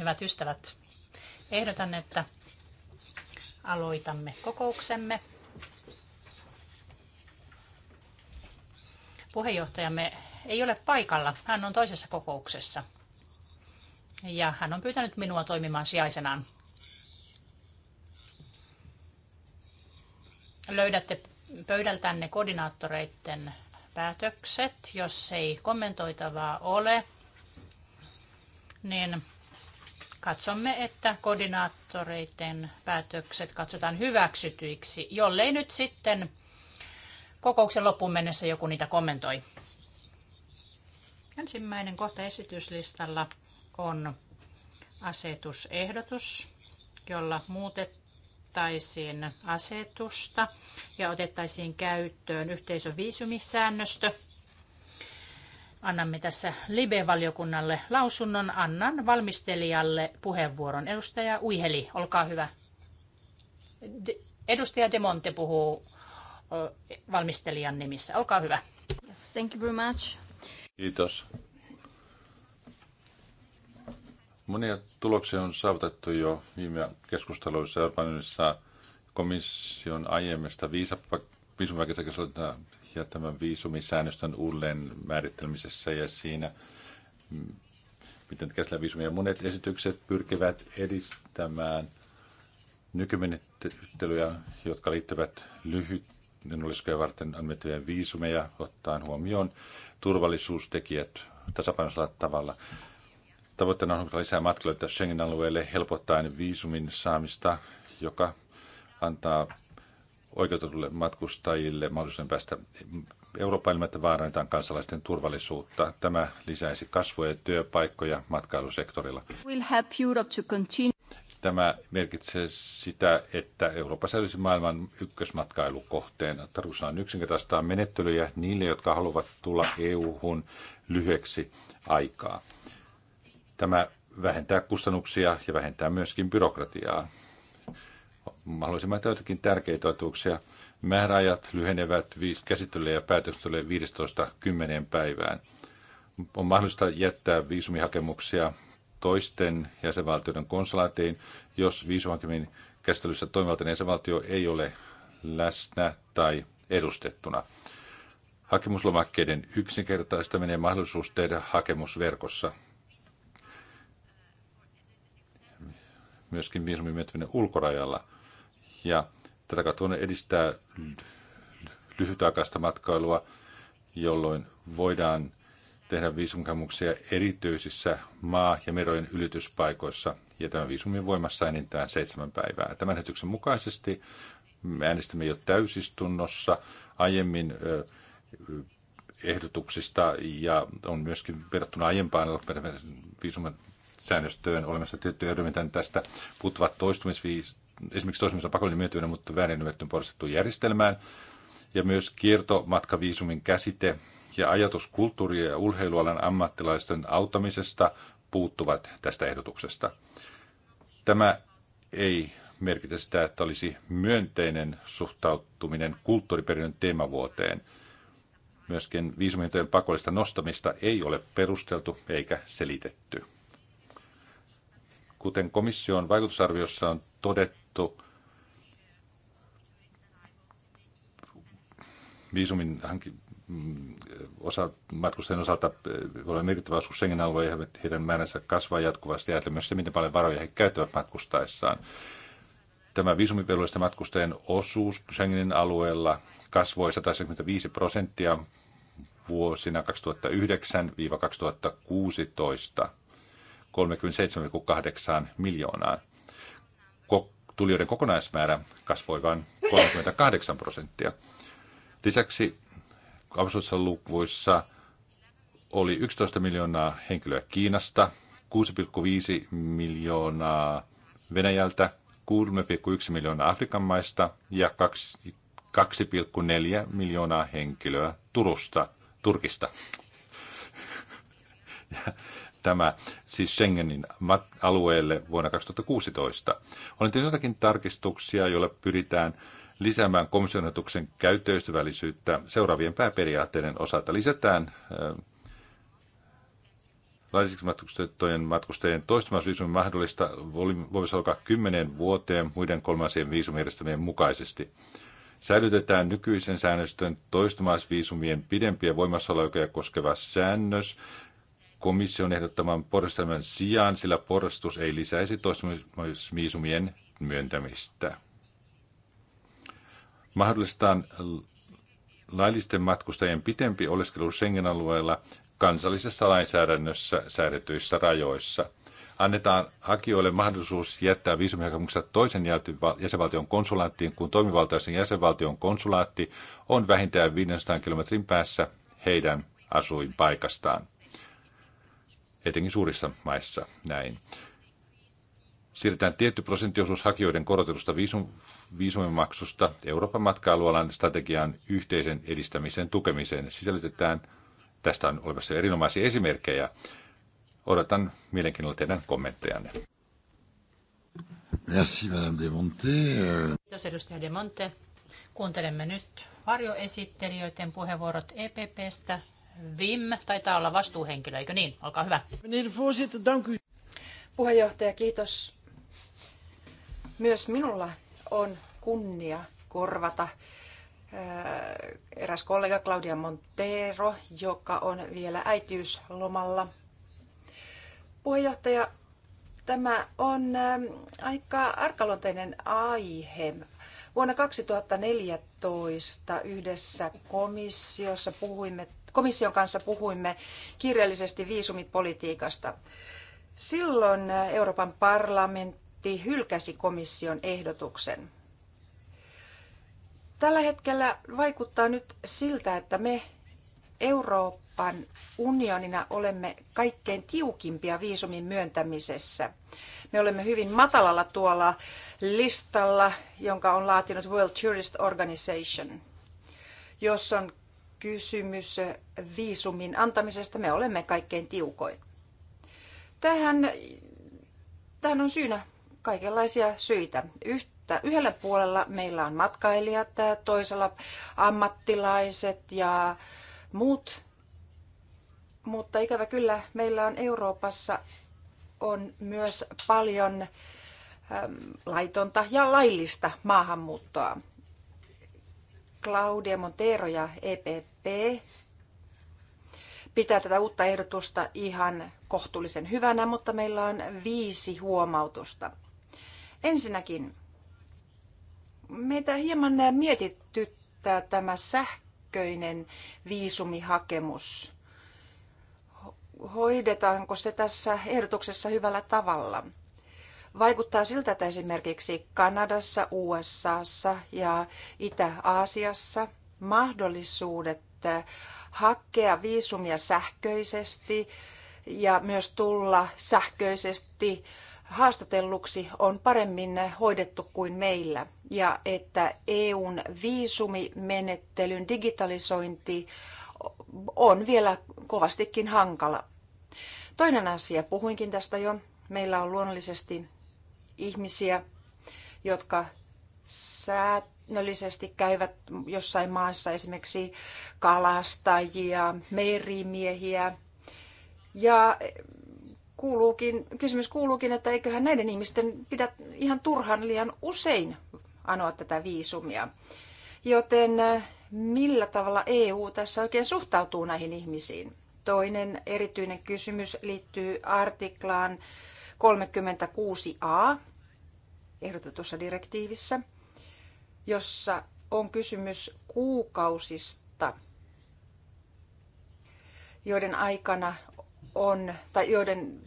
hyvät ystävät. Ehdotan, että aloitamme kokouksemme. Puheenjohtajamme ei ole paikalla. Hän on toisessa kokouksessa. Ja hän on pyytänyt minua toimimaan sijaisenaan. Löydätte pöydältänne koordinaattoreiden päätökset. Jos ei kommentoitavaa ole, niin katsomme, että koordinaattoreiden päätökset katsotaan hyväksytyiksi, jollei nyt sitten kokouksen loppuun mennessä joku niitä kommentoi. Ensimmäinen kohta esityslistalla on asetusehdotus, jolla muutettaisiin asetusta ja otettaisiin käyttöön yhteisöviisumisäännöstö – annamme tässä Libe-valiokunnalle lausunnon. Annan valmistelijalle puheenvuoron. Edustaja Uiheli, olkaa hyvä. edustaja De Monte puhuu valmistelijan nimissä. Olkaa hyvä. Yes, thank you very much. Kiitos. Monia tuloksia on saavutettu jo viime keskusteluissa Euroopan unionissa komission aiemmista viisumpakeskusteluista ja tämän viisumisäännöstön uudelleen määrittelemisessä ja siinä, mm, miten käsitellään viisumia. Monet esitykset pyrkivät edistämään nykymenettelyjä, jotka liittyvät lyhyt olisikaan varten annettavia viisumeja, ottaen huomioon turvallisuustekijät tasapainoisella tavalla. Tavoitteena on lisää matkailijoita Schengen-alueelle helpottaen viisumin saamista, joka antaa oikeutetulle matkustajille mahdollisuuden päästä Euroopan että vaarannetaan kansalaisten turvallisuutta. Tämä lisäisi kasvua ja työpaikkoja matkailusektorilla. Tämä merkitsee sitä, että Eurooppa säilyisi maailman ykkösmatkailukohteen. Tarkoitus on yksinkertaistaa menettelyjä niille, jotka haluavat tulla EU-hun lyhyeksi aikaa. Tämä vähentää kustannuksia ja vähentää myöskin byrokratiaa mahdollisimman mainita jotakin tärkeitä otuuksia. Määräajat lyhenevät käsittelylle ja päätökselle 15-10 päivään. On mahdollista jättää viisumihakemuksia toisten jäsenvaltioiden konsulaatiin, jos viisumihakemin käsittelyssä toimivaltainen jäsenvaltio ei ole läsnä tai edustettuna. Hakemuslomakkeiden yksinkertaistaminen ja mahdollisuus tehdä hakemus verkossa myöskin viisumin myöntäminen ulkorajalla. Ja tätä kautta edistää lyhytaikaista matkailua, jolloin voidaan tehdä viisumikannuksia erityisissä maa- ja merojen ylityspaikoissa, ja tämä on voimassa enintään seitsemän päivää. Tämän hetyksen mukaisesti me äänestimme jo täysistunnossa aiemmin ehdotuksista, ja on myöskin verrattuna aiempaan viisumen säännöstöön olemassa tiettyjä edellytyksiä tästä puuttuvat toistumisviis, esimerkiksi toistumista pakollinen myöntäminen, mutta väärinnymettyyn porrastettuun järjestelmään. Ja myös kiertomatkaviisumin käsite ja ajatus kulttuuri- ja ulheilualan ammattilaisten auttamisesta puuttuvat tästä ehdotuksesta. Tämä ei merkitä sitä, että olisi myönteinen suhtautuminen kulttuuriperinnön teemavuoteen. Myöskin viisumintojen pakollista nostamista ei ole perusteltu eikä selitetty. Kuten komission vaikutusarviossa on todettu, viisumin hankin, mm, osa, matkustajien osalta eh, voi merkittävä osuus Schengen-alueen ja heidän määränsä kasvaa jatkuvasti ja myös se, miten paljon varoja he käyttävät matkustaessaan. Tämä viisumivelvollisten matkustajien osuus Schengenin alueella kasvoi 175 prosenttia vuosina 2009-2016. 37,8 miljoonaa Tulijoiden kokonaismäärä kasvoi vain 38 prosenttia. Lisäksi absoluuttisissa lukuissa oli 11 miljoonaa henkilöä Kiinasta, 6,5 miljoonaa Venäjältä, 3,1 miljoonaa Afrikan maista ja 2,4 miljoonaa henkilöä Turusta, Turkista. tämä siis Schengenin alueelle vuonna 2016. Olen tehnyt jotakin tarkistuksia, joilla pyritään lisäämään komission käyttöystävällisyyttä seuraavien pääperiaatteiden osalta. Lisätään äh, laillisiksi matkustettujen matkustajien toistamaisviisumin mahdollista voisi alkaa kymmeneen vuoteen muiden kolmansien viisumijärjestelmien mukaisesti. Säilytetään nykyisen säännöstön toistumaisviisumien pidempiä voimassaoloaikoja koskeva säännös komission ehdottaman porrastamisen sijaan, sillä porrastus ei lisäisi toistumisviisumien myöntämistä. Mahdollistaan laillisten matkustajien pitempi oleskelu Schengen-alueella kansallisessa lainsäädännössä säädetyissä rajoissa. Annetaan hakijoille mahdollisuus jättää viisumihakemuksensa toisen jäsenvaltion konsulaattiin, kun toimivaltaisen jäsenvaltion konsulaatti on vähintään 500 kilometrin päässä heidän asuinpaikastaan etenkin suurissa maissa näin. Siirretään tietty prosenttiosuus hakijoiden korotetusta viisum, viisumimaksusta Euroopan matkailualan strategian yhteisen edistämisen tukemiseen. Sisällytetään, tästä on olemassa erinomaisia esimerkkejä. Odotan mielenkiinnolla teidän kommenttejanne. Merci, Madame de Monte. Kiitos, edustaja de Monte. Kuuntelemme nyt varjoesittelijöiden puheenvuorot EPPstä. Vim taitaa olla vastuuhenkilö, eikö niin? Olkaa hyvä. Puheenjohtaja, kiitos. Myös minulla on kunnia korvata äh, eräs kollega Claudia Montero, joka on vielä äitiyslomalla. Puheenjohtaja, tämä on äh, aika arkaluonteinen aihe. Vuonna 2014 yhdessä komissiossa puhuimme komission kanssa puhuimme kirjallisesti viisumipolitiikasta. Silloin Euroopan parlamentti hylkäsi komission ehdotuksen. Tällä hetkellä vaikuttaa nyt siltä, että me Euroopan unionina olemme kaikkein tiukimpia viisumin myöntämisessä. Me olemme hyvin matalalla tuolla listalla, jonka on laatinut World Tourist Organization. jossa on kysymys viisumin antamisesta. Me olemme kaikkein tiukoin. Tähän, tähän on syynä kaikenlaisia syitä. Yhtä, yhdellä puolella meillä on matkailijat, toisella ammattilaiset ja muut. Mutta ikävä kyllä meillä on Euroopassa on myös paljon laitonta ja laillista maahanmuuttoa. Claudia Montero ja EPP pitää tätä uutta ehdotusta ihan kohtuullisen hyvänä, mutta meillä on viisi huomautusta. Ensinnäkin meitä hieman mietityttää tämä sähköinen viisumihakemus. Hoidetaanko se tässä ehdotuksessa hyvällä tavalla? Vaikuttaa siltä, että esimerkiksi Kanadassa, USAssa ja Itä-Aasiassa mahdollisuudet hakea viisumia sähköisesti ja myös tulla sähköisesti haastatelluksi on paremmin hoidettu kuin meillä. Ja että EUn viisumimenettelyn digitalisointi on vielä kovastikin hankala. Toinen asia, puhuinkin tästä jo, meillä on luonnollisesti ihmisiä, jotka säännöllisesti käyvät jossain maassa esimerkiksi kalastajia, merimiehiä. Ja kuuluukin, kysymys kuuluukin, että eiköhän näiden ihmisten pidä ihan turhan liian usein anoa tätä viisumia. Joten eh, millä tavalla EU tässä oikein suhtautuu näihin ihmisiin? Toinen erityinen kysymys liittyy artiklaan 36a, ehdotetussa direktiivissä, jossa on kysymys kuukausista, joiden aikana on, tai joiden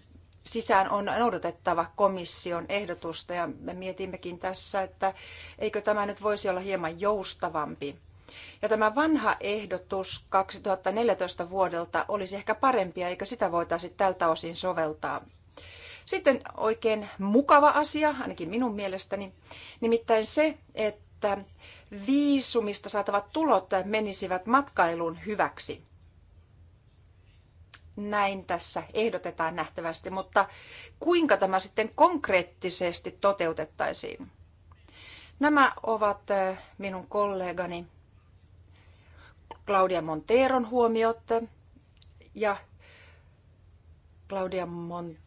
sisään on noudatettava komission ehdotusta ja me mietimmekin tässä, että eikö tämä nyt voisi olla hieman joustavampi. Ja tämä vanha ehdotus 2014 vuodelta olisi ehkä parempi, eikö sitä voitaisi tältä osin soveltaa. Sitten oikein mukava asia, ainakin minun mielestäni, nimittäin se, että viisumista saatavat tulot menisivät matkailun hyväksi. Näin tässä ehdotetaan nähtävästi, mutta kuinka tämä sitten konkreettisesti toteutettaisiin? Nämä ovat äh, minun kollegani Claudia Monteron huomiot ja Claudia Monteron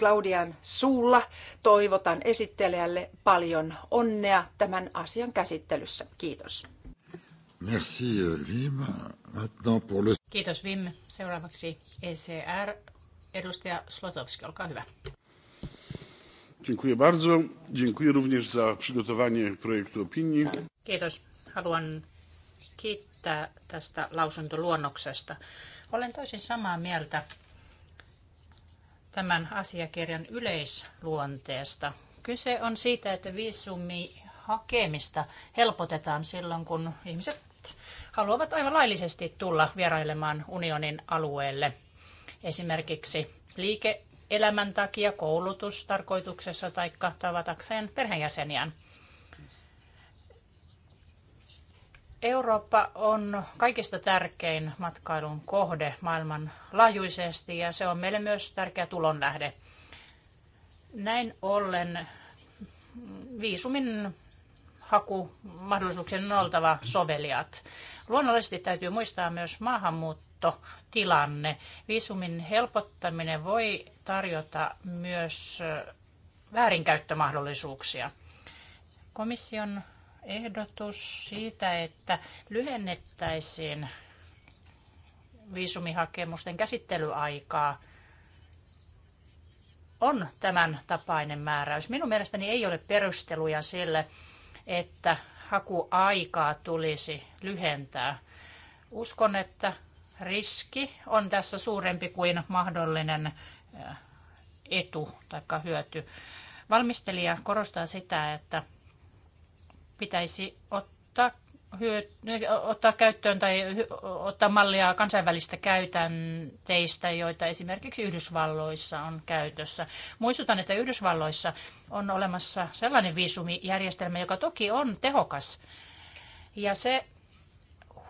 Claudian suulla toivotan esittelijälle paljon onnea tämän asian käsittelyssä. Kiitos. Merci, Wim. Maintenant pour le... Kiitos Vim. Seuraavaksi ECR. Edustaja Slotowski, olkaa hyvä. Dziękuję bardzo. Dziękuję również za przygotowanie projektu opinii. Kiitos. Haluan kiittää tästä lausuntoluonnoksesta. Olen täysin samaa mieltä tämän asiakirjan yleisluonteesta. Kyse on siitä, että viisumi hakemista helpotetaan silloin, kun ihmiset haluavat aivan laillisesti tulla vierailemaan unionin alueelle. Esimerkiksi liike-elämän takia koulutustarkoituksessa tai tavatakseen perheenjäseniään. Eurooppa on kaikista tärkein matkailun kohde maailmanlaajuisesti ja se on meille myös tärkeä tulonlähde. Näin ollen viisumin hakumahdollisuuksien on oltava soveliaat. Luonnollisesti täytyy muistaa myös maahanmuuttotilanne. Viisumin helpottaminen voi tarjota myös väärinkäyttömahdollisuuksia. Komission ehdotus siitä, että lyhennettäisiin viisumihakemusten käsittelyaikaa on tämän tapainen määräys. Minun mielestäni ei ole perusteluja sille, että hakuaikaa tulisi lyhentää. Uskon, että riski on tässä suurempi kuin mahdollinen eh, etu tai hyöty. Valmistelija korostaa sitä, että pitäisi ottaa, hyö, ottaa käyttöön tai ottaa mallia kansainvälistä käytänteistä, joita esimerkiksi Yhdysvalloissa on käytössä. Muistutan, että Yhdysvalloissa on olemassa sellainen viisumijärjestelmä, joka toki on tehokas. Ja se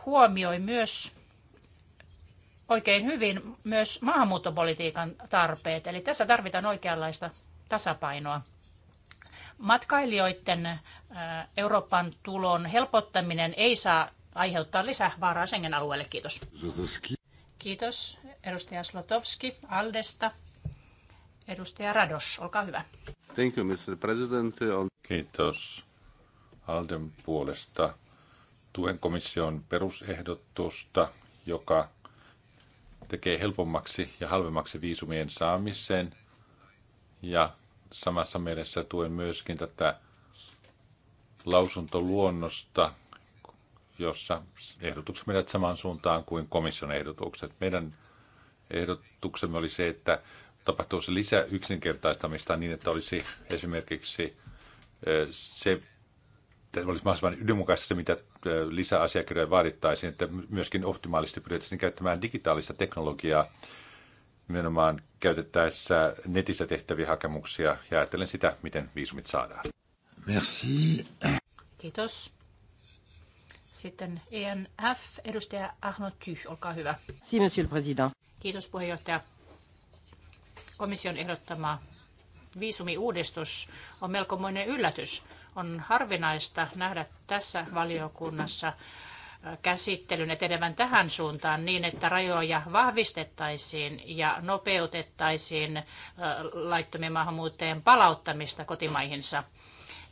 huomioi myös oikein hyvin myös maahanmuuttopolitiikan tarpeet. Eli tässä tarvitaan oikeanlaista tasapainoa matkailijoiden äh, Euroopan tulon helpottaminen ei saa aiheuttaa lisää vaaraa Schengen-alueelle. Kiitos. Kiitos. Edustaja Slotowski Aldesta. Edustaja Rados, olkaa hyvä. Thank you, Mr. President. Kiitos Alden puolesta. Tuen komission perusehdotusta, joka tekee helpommaksi ja halvemmaksi viisumien saamisen ja samassa mielessä tuen myöskin tätä lausuntoluonnosta, jossa ehdotukset menevät samaan suuntaan kuin komission ehdotukset. Meidän ehdotuksemme oli se, että tapahtuisi lisää yksinkertaistamista niin, että olisi esimerkiksi se, että olisi mahdollisimman yhdenmukaista se, mitä lisäasiakirjoja vaadittaisiin, että myöskin optimaalisesti pyrittäisiin käyttämään digitaalista teknologiaa nimenomaan käytettäessä netissä tehtäviä hakemuksia ja ajattelen sitä, miten viisumit saadaan. Merci. Kiitos. Sitten ENF, edustaja Arnaud Ty, olkaa hyvä. Si, monsieur le président. Kiitos puheenjohtaja. Komission ehdottama viisumiuudistus on melkomoinen yllätys. On harvinaista nähdä tässä valiokunnassa käsittelyn etenevän tähän suuntaan niin, että rajoja vahvistettaisiin ja nopeutettaisiin laittomien maahanmuuttajien palauttamista kotimaihinsa.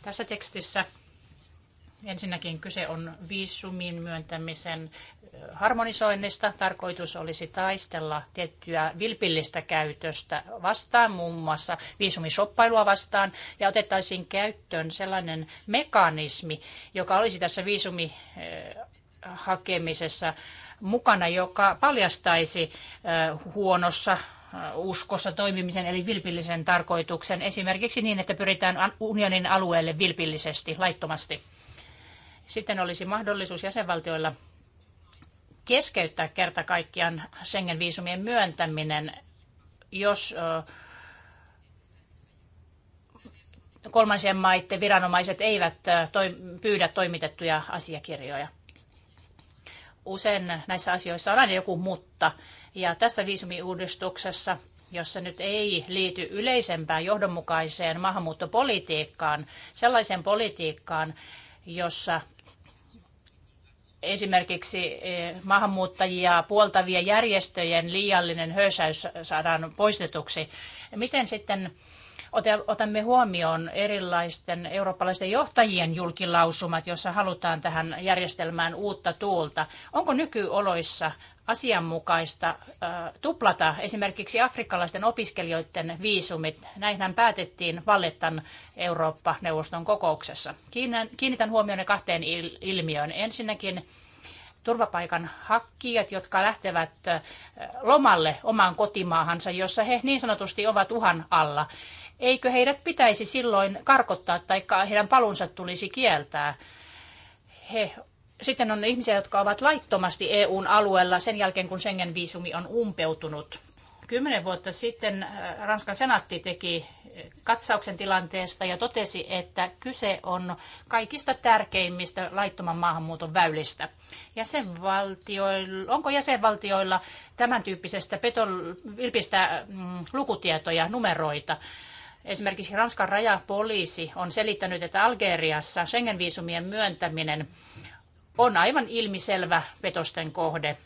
Tässä tekstissä ensinnäkin kyse on viisumin myöntämisen harmonisoinnista. Tarkoitus olisi taistella tiettyä vilpillistä käytöstä vastaan, muun muassa viisumisoppailua vastaan, ja otettaisiin käyttöön sellainen mekanismi, joka olisi tässä viisumi hakemisessa mukana, joka paljastaisi huonossa uskossa toimimisen eli vilpillisen tarkoituksen, esimerkiksi niin, että pyritään unionin alueelle vilpillisesti, laittomasti. Sitten olisi mahdollisuus jäsenvaltioilla keskeyttää kerta kaikkiaan Schengen-viisumien myöntäminen, jos kolmansien maiden viranomaiset eivät pyydä toimitettuja asiakirjoja usein näissä asioissa on aina joku mutta. Ja tässä viisumiuudistuksessa, jossa nyt ei liity yleisempään johdonmukaiseen maahanmuuttopolitiikkaan, sellaiseen politiikkaan, jossa esimerkiksi e, maahanmuuttajia puoltavien järjestöjen liiallinen höysäys saadaan poistetuksi. Miten sitten otamme huomioon erilaisten eurooppalaisten johtajien julkilausumat, joissa halutaan tähän järjestelmään uutta tuulta. Onko nykyoloissa asianmukaista tuplata esimerkiksi afrikkalaisten opiskelijoiden viisumit. Näinhän päätettiin Vallettan Eurooppa-neuvoston kokouksessa. Kiinnitän huomioon kahteen ilmiöön. Ensinnäkin turvapaikan hakijat, jotka lähtevät lomalle omaan kotimaahansa, jossa he niin sanotusti ovat uhan alla. Eikö heidät pitäisi silloin karkottaa tai heidän palunsa tulisi kieltää? He, sitten on ihmisiä, jotka ovat laittomasti EUn alueella sen jälkeen, kun Schengen-viisumi on umpeutunut. Kymmenen vuotta sitten äh, Ranskan senaatti teki äh, katsauksen tilanteesta ja totesi, että kyse on kaikista tärkeimmistä laittoman maahanmuuton väylistä. Jäsenvaltioilla, onko jäsenvaltioilla tämän tyyppisestä petol, mm, lukutietoja, numeroita? Esimerkiksi Ranskan rajapoliisi on selittänyt, että Algeriassa Schengen-viisumien myöntäminen on aivan ilmiselvä petosten kohde.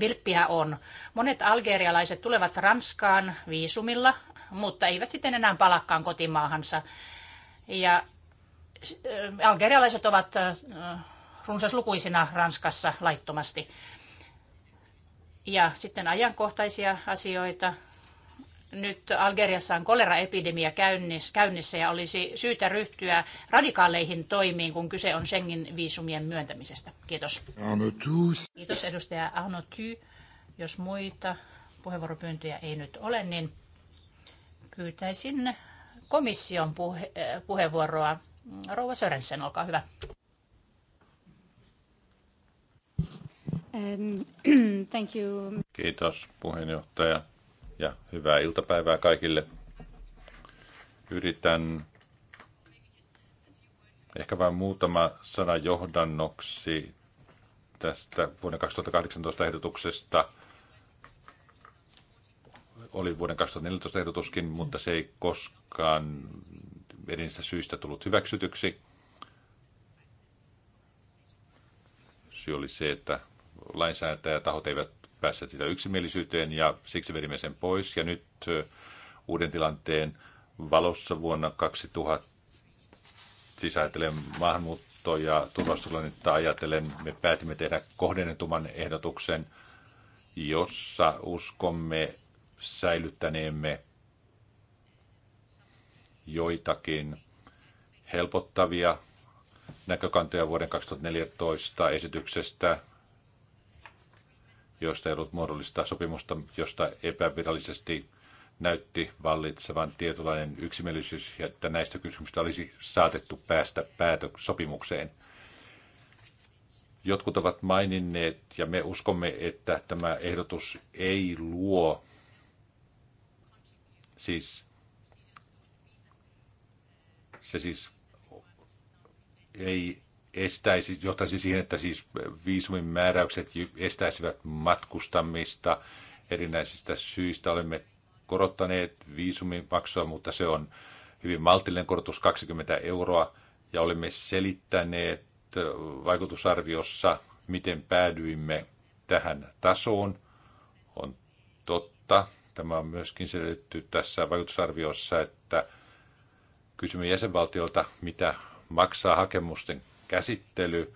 Vilppiä on. Monet algerialaiset tulevat Ranskaan viisumilla, mutta eivät sitten enää palakkaan kotimaahansa. Ja äh, algerialaiset ovat äh, runsaslukuisina Ranskassa laittomasti. Ja sitten ajankohtaisia asioita nyt Algeriassa on koleraepidemia käynnissä ja olisi syytä ryhtyä radikaaleihin toimiin, kun kyse on Schengen viisumien myöntämisestä. Kiitos. Kiitos edustaja Arnoty. Jos muita puheenvuoropyyntöjä ei nyt ole, niin pyytäisin komission puhe- puheenvuoroa. Rouva Sörensen, olkaa hyvä. Thank you. Kiitos puheenjohtaja ja hyvää iltapäivää kaikille. Yritän ehkä vain muutama sana johdannoksi tästä vuoden 2018 ehdotuksesta. Oli vuoden 2014 ehdotuskin, mutta se ei koskaan edellisestä syistä tullut hyväksytyksi. Syy oli se, että lainsäätäjätahot eivät päässeet sitä yksimielisyyteen ja siksi vedimme sen pois. Ja nyt uuden tilanteen valossa vuonna 2000, siis ajatellen maahanmuutto- ja turvallisuustilannetta ajatellen, me päätimme tehdä kohdennetuman ehdotuksen, jossa uskomme säilyttäneemme joitakin helpottavia näkökantoja vuoden 2014 esityksestä joista ei ollut muodollista sopimusta, josta epävirallisesti näytti vallitsevan tietynlainen yksimielisyys, ja että näistä kysymyksistä olisi saatettu päästä päätösopimukseen. Jotkut ovat maininneet, ja me uskomme, että tämä ehdotus ei luo, siis se siis ei estäisi, johtaisi siihen, että siis viisumin määräykset estäisivät matkustamista erinäisistä syistä. Olemme korottaneet viisumimaksua, mutta se on hyvin maltillinen korotus 20 euroa ja olemme selittäneet vaikutusarviossa, miten päädyimme tähän tasoon. On totta. Tämä on myöskin selitetty tässä vaikutusarviossa, että kysymme jäsenvaltiolta, mitä maksaa hakemusten käsittely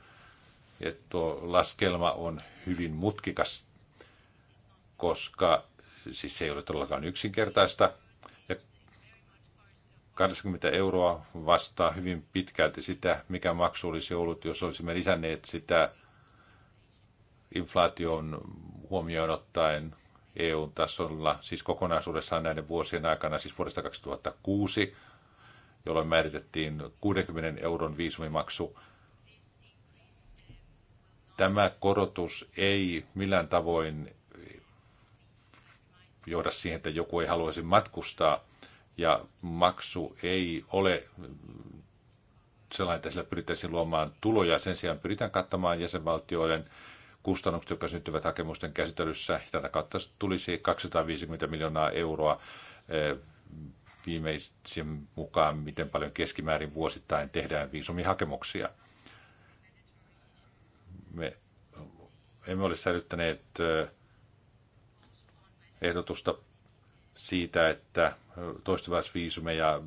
ja tuo laskelma on hyvin mutkikas, koska siis se ei ole todellakaan yksinkertaista. Ja 20 euroa vastaa hyvin pitkälti sitä, mikä maksu olisi ollut, jos olisimme lisänneet sitä inflaation huomioon ottaen EU-tasolla, siis kokonaisuudessaan näiden vuosien aikana, siis vuodesta 2006, jolloin määritettiin 60 euron viisumimaksu Tämä korotus ei millään tavoin johda siihen, että joku ei haluaisi matkustaa ja maksu ei ole sellainen, että sillä pyrittäisiin luomaan tuloja. Sen sijaan pyritään kattamaan jäsenvaltioiden kustannukset, jotka syntyvät hakemusten käsittelyssä. Tätä kautta tulisi 250 miljoonaa euroa eh, viimeisen mukaan, miten paljon keskimäärin vuosittain tehdään viisumihakemuksia me emme ole säilyttäneet ehdotusta siitä, että toistuvaisviisumeja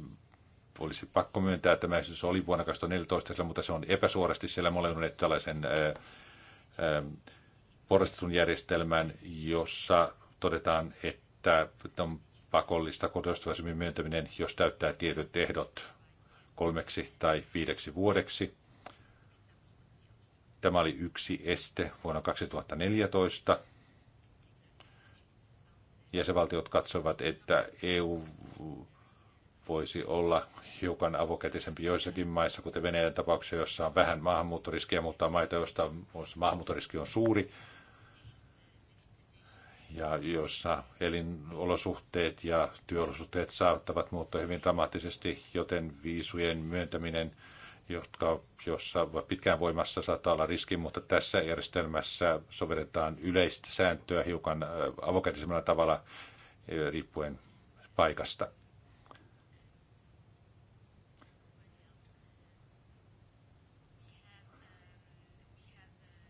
olisi pakko myöntää. Tämä esitys oli vuonna 2014, mutta se on epäsuorasti siellä. molemmat, tällaisen porrastetun järjestelmän, jossa todetaan, että on pakollista kotoistuvaisviisumin myöntäminen, jos täyttää tietyt ehdot kolmeksi tai viideksi vuodeksi – Tämä oli yksi este vuonna 2014. Jäsenvaltiot katsovat, että EU voisi olla hiukan avokätisempi joissakin maissa, kuten Venäjän tapauksessa, jossa on vähän maahanmuuttoriskiä, mutta on maita, joista maahanmuuttoriski on suuri, ja jossa elinolosuhteet ja työolosuhteet saattavat muuttua hyvin dramaattisesti, joten viisujen myöntäminen – jotka, jossa pitkään voimassa, saattaa olla riski, mutta tässä järjestelmässä sovelletaan yleistä sääntöä hiukan avokätisemmällä tavalla riippuen paikasta.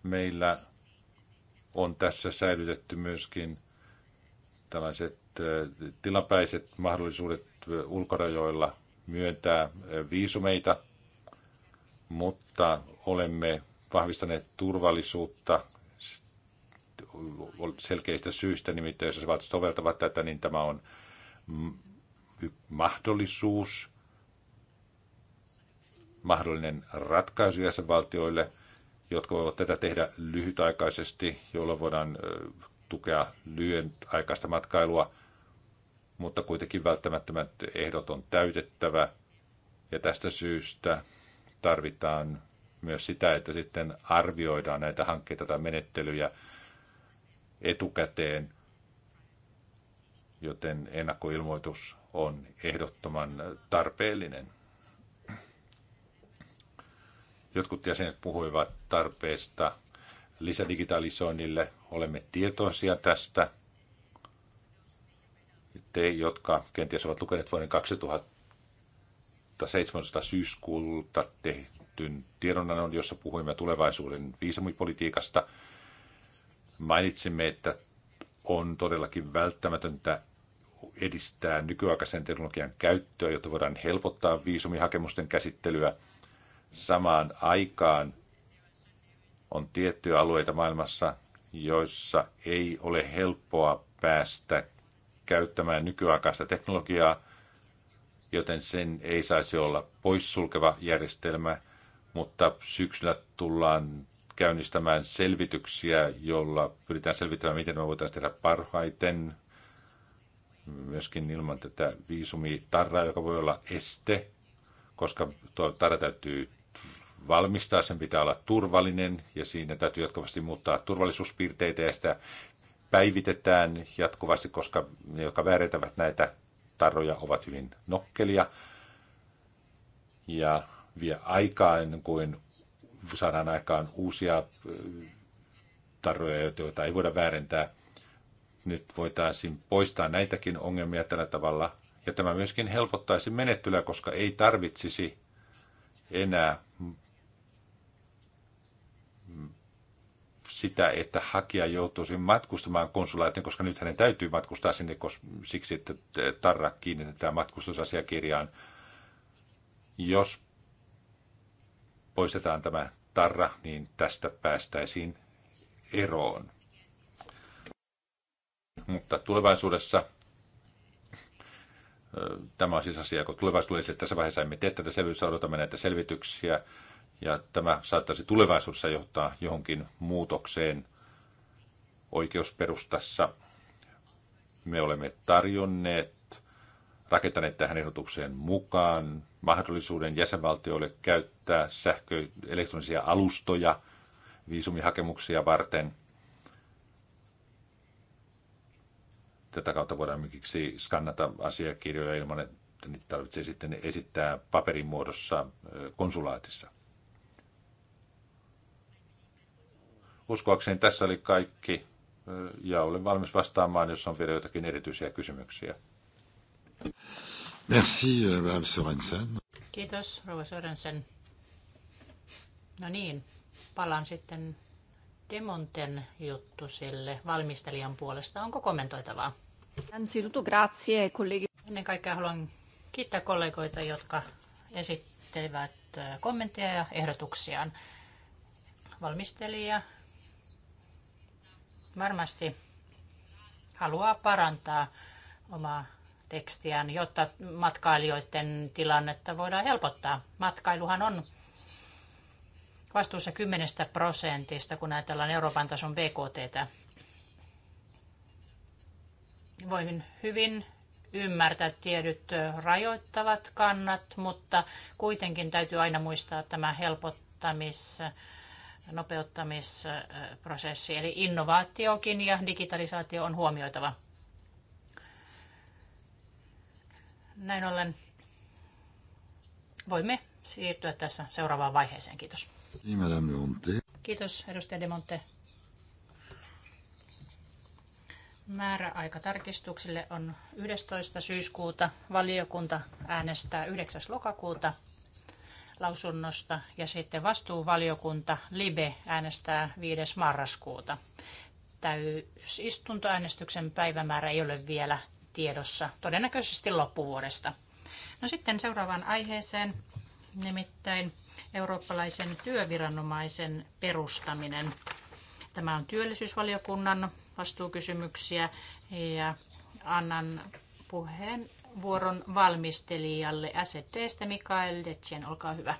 Meillä on tässä säilytetty myöskin tällaiset tilapäiset mahdollisuudet ulkorajoilla myöntää viisumeita – mutta olemme vahvistaneet turvallisuutta selkeistä syistä, nimittäin jos he soveltavat tätä, niin tämä on mahdollisuus, mahdollinen ratkaisu jäsenvaltioille, jotka voivat tätä tehdä lyhytaikaisesti, jolloin voidaan tukea lyhytaikaista matkailua, mutta kuitenkin välttämättömät ehdot on täytettävä. Ja tästä syystä tarvitaan myös sitä, että sitten arvioidaan näitä hankkeita tai menettelyjä etukäteen, joten ennakkoilmoitus on ehdottoman tarpeellinen. Jotkut jäsenet puhuivat tarpeesta lisädigitalisoinnille. Olemme tietoisia tästä. Te, jotka kenties ovat lukeneet vuoden 2000 7. syyskuulta tehtyn tiedonannon, jossa puhuimme tulevaisuuden viisumipolitiikasta. Mainitsimme, että on todellakin välttämätöntä edistää nykyaikaisen teknologian käyttöä, jotta voidaan helpottaa viisumihakemusten käsittelyä. Samaan aikaan on tiettyjä alueita maailmassa, joissa ei ole helppoa päästä käyttämään nykyaikaista teknologiaa – joten sen ei saisi olla poissulkeva järjestelmä, mutta syksyllä tullaan käynnistämään selvityksiä, jolla pyritään selvittämään, miten me voitaisiin tehdä parhaiten, myöskin ilman tätä viisumitarraa, joka voi olla este, koska tuo tarra täytyy valmistaa, sen pitää olla turvallinen ja siinä täytyy jatkuvasti muuttaa turvallisuuspiirteitä ja sitä päivitetään jatkuvasti, koska ne, jotka väärentävät näitä tarroja ovat hyvin nokkelia ja vie aikaa ennen kuin saadaan aikaan uusia äh, tarroja, joita ei voida väärentää. Nyt voitaisiin poistaa näitäkin ongelmia tällä tavalla. Ja tämä myöskin helpottaisi menettelyä, koska ei tarvitsisi enää sitä, että hakija joutuisi matkustamaan konsulaatin, koska nyt hänen täytyy matkustaa sinne siksi, että tarra kiinnitetään matkustusasiakirjaan. Jos poistetaan tämä tarra, niin tästä päästäisiin eroon. Mutta tulevaisuudessa tämä on siis asia, kun tulevaisuudessa tässä vaiheessa emme tee tätä selvitystä, odotamme näitä selvityksiä, ja tämä saattaisi tulevaisuudessa johtaa johonkin muutokseen oikeusperustassa. Me olemme tarjonneet, rakentaneet tähän ehdotukseen mukaan mahdollisuuden jäsenvaltioille käyttää sähkö- elektronisia alustoja viisumihakemuksia varten. Tätä kautta voidaan esimerkiksi skannata asiakirjoja ilman, että niitä tarvitsee sitten esittää paperin muodossa konsulaatissa. Uskoakseni tässä oli kaikki ja olen valmis vastaamaan, jos on vielä jotakin erityisiä kysymyksiä. Merci, euh, Sorensen. Kiitos, Rova Sorensen. No niin, palaan sitten Demonten juttu sille valmistelijan puolesta. Onko kommentoitavaa? Ennen kaikkea haluan kiittää kollegoita, jotka esittelivät kommentteja ja ehdotuksiaan. Valmistelija varmasti haluaa parantaa omaa tekstiään, jotta matkailijoiden tilannetta voidaan helpottaa. Matkailuhan on vastuussa 10 prosentista, kun ajatellaan Euroopan tason tä. Voin hyvin ymmärtää tiedyt rajoittavat kannat, mutta kuitenkin täytyy aina muistaa tämä helpottamis- nopeuttamisprosessi. Eli innovaatiokin ja digitalisaatio on huomioitava. Näin ollen voimme siirtyä tässä seuraavaan vaiheeseen. Kiitos. Niin, Kiitos, edustaja Demonte. Määräaika tarkistuksille on 11. syyskuuta. Valiokunta äänestää 9. lokakuuta lausunnosta ja sitten vastuuvaliokunta LIBE äänestää 5. marraskuuta. Täysistuntoäänestyksen päivämäärä ei ole vielä tiedossa, todennäköisesti loppuvuodesta. No sitten seuraavaan aiheeseen, nimittäin eurooppalaisen työviranomaisen perustaminen. Tämä on työllisyysvaliokunnan vastuukysymyksiä ja annan puheen vuoron valmistelijalle SEDstä Mikael Detjen. Olkaa hyvä.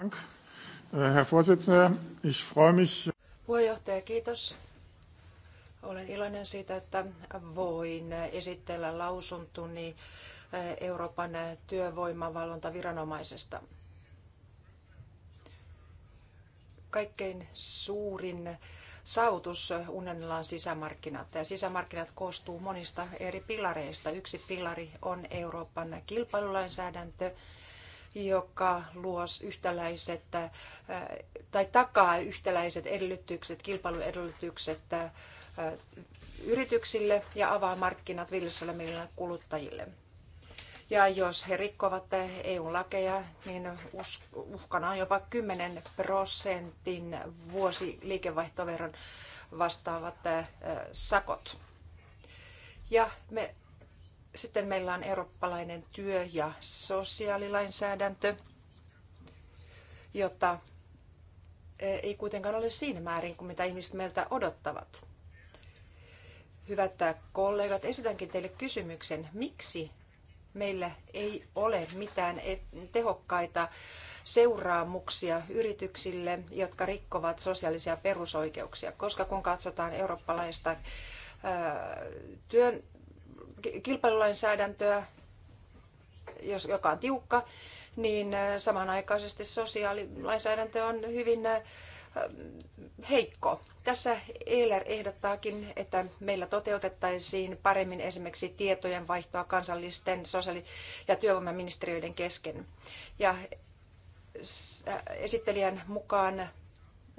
Dank. Äh, Herr Vorsitzender, ich freue mich. Puheenjohtaja, kiitos. Olen iloinen siitä, että voin esitellä lausuntoni äh, Euroopan työvoimavalvontaviranomaisesta. Kaikkein suurin saavutus unionilla on sisämarkkinat. Ja sisämarkkinat koostuu monista eri pilareista. Yksi pilari on Euroopan kilpailulainsäädäntö, joka luo yhtäläiset äh, tai takaa yhtäläiset edellytykset, kilpailuedellytykset äh, yrityksille ja avaa markkinat 500 kuluttajille. Ja jos he rikkovat EU-lakeja, niin uhkana on jopa 10 prosentin vuosi liikevaihtoveron vastaavat sakot. Ja me, sitten meillä on eurooppalainen työ- ja sosiaalilainsäädäntö, jota ei kuitenkaan ole siinä määrin kuin mitä ihmiset meiltä odottavat. Hyvät kollegat, esitänkin teille kysymyksen, miksi Meillä ei ole mitään tehokkaita seuraamuksia yrityksille, jotka rikkovat sosiaalisia perusoikeuksia, koska kun katsotaan eurooppalaista äh, työn kilpailulainsäädäntöä, jos, joka on tiukka, niin äh, samanaikaisesti sosiaalilainsäädäntö on hyvin äh, heikko. Tässä ELR ehdottaakin, että meillä toteutettaisiin paremmin esimerkiksi tietojen vaihtoa kansallisten sosiaali- ja työvoimaministeriöiden kesken. Ja esittelijän mukaan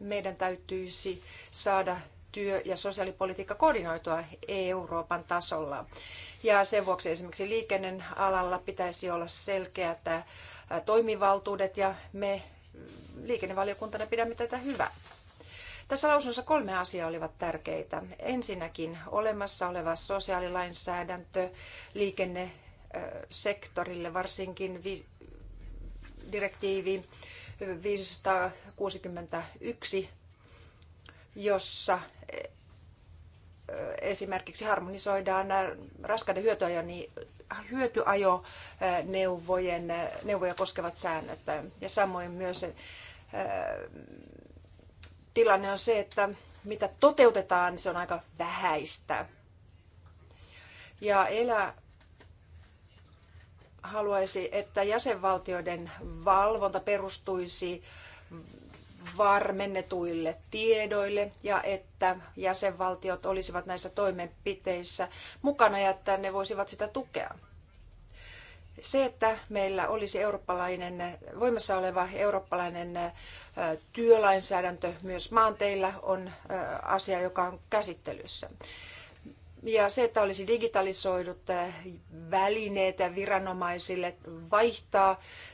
meidän täytyisi saada työ- ja sosiaalipolitiikka koordinoitua Euroopan tasolla. Ja sen vuoksi esimerkiksi liikennealalla pitäisi olla selkeät toimivaltuudet ja me liikennevaliokuntana pidämme tätä hyvä. Tässä lausunnossa kolme asiaa olivat tärkeitä. Ensinnäkin olemassa oleva sosiaalilainsäädäntö liikennesektorille, varsinkin direktiivi 561, jossa esimerkiksi harmonisoidaan raskaiden hyötyajo, niin neuvojen neuvoja koskevat säännöt. Ja samoin myös tilanne on se, että mitä toteutetaan, niin se on aika vähäistä. Ja elä haluaisi, että jäsenvaltioiden valvonta perustuisi äh, varmennetuille tiedoille ja että jäsenvaltiot olisivat näissä toimenpiteissä mukana ja että ne voisivat sitä tukea. Se, että meillä olisi eurooppalainen, voimassa oleva eurooppalainen työlainsäädäntö myös maanteillä on asia, joka on käsittelyssä. Ja se, että olisi digitalisoidut eh, välineet viranomaisille vaihtaa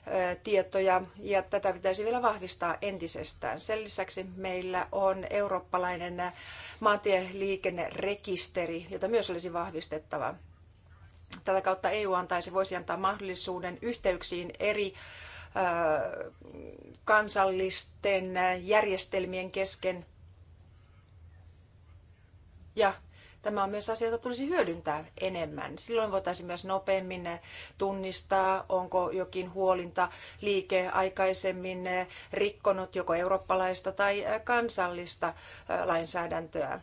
eh, tietoja ja tätä pitäisi vielä vahvistaa entisestään. Sen lisäksi meillä on eurooppalainen eh, maantieliikennerekisteri, jota myös olisi vahvistettava. Tätä kautta EU antaisi, voisi antaa mahdollisuuden yhteyksiin eri kansallisten järjestelmien kesken ja Tämä on myös asia, jota tulisi hyödyntää enemmän. Silloin voitaisiin myös nopeammin tunnistaa, onko jokin huolinta liike aikaisemmin rikkonut joko eurooppalaista tai kansallista lainsäädäntöä.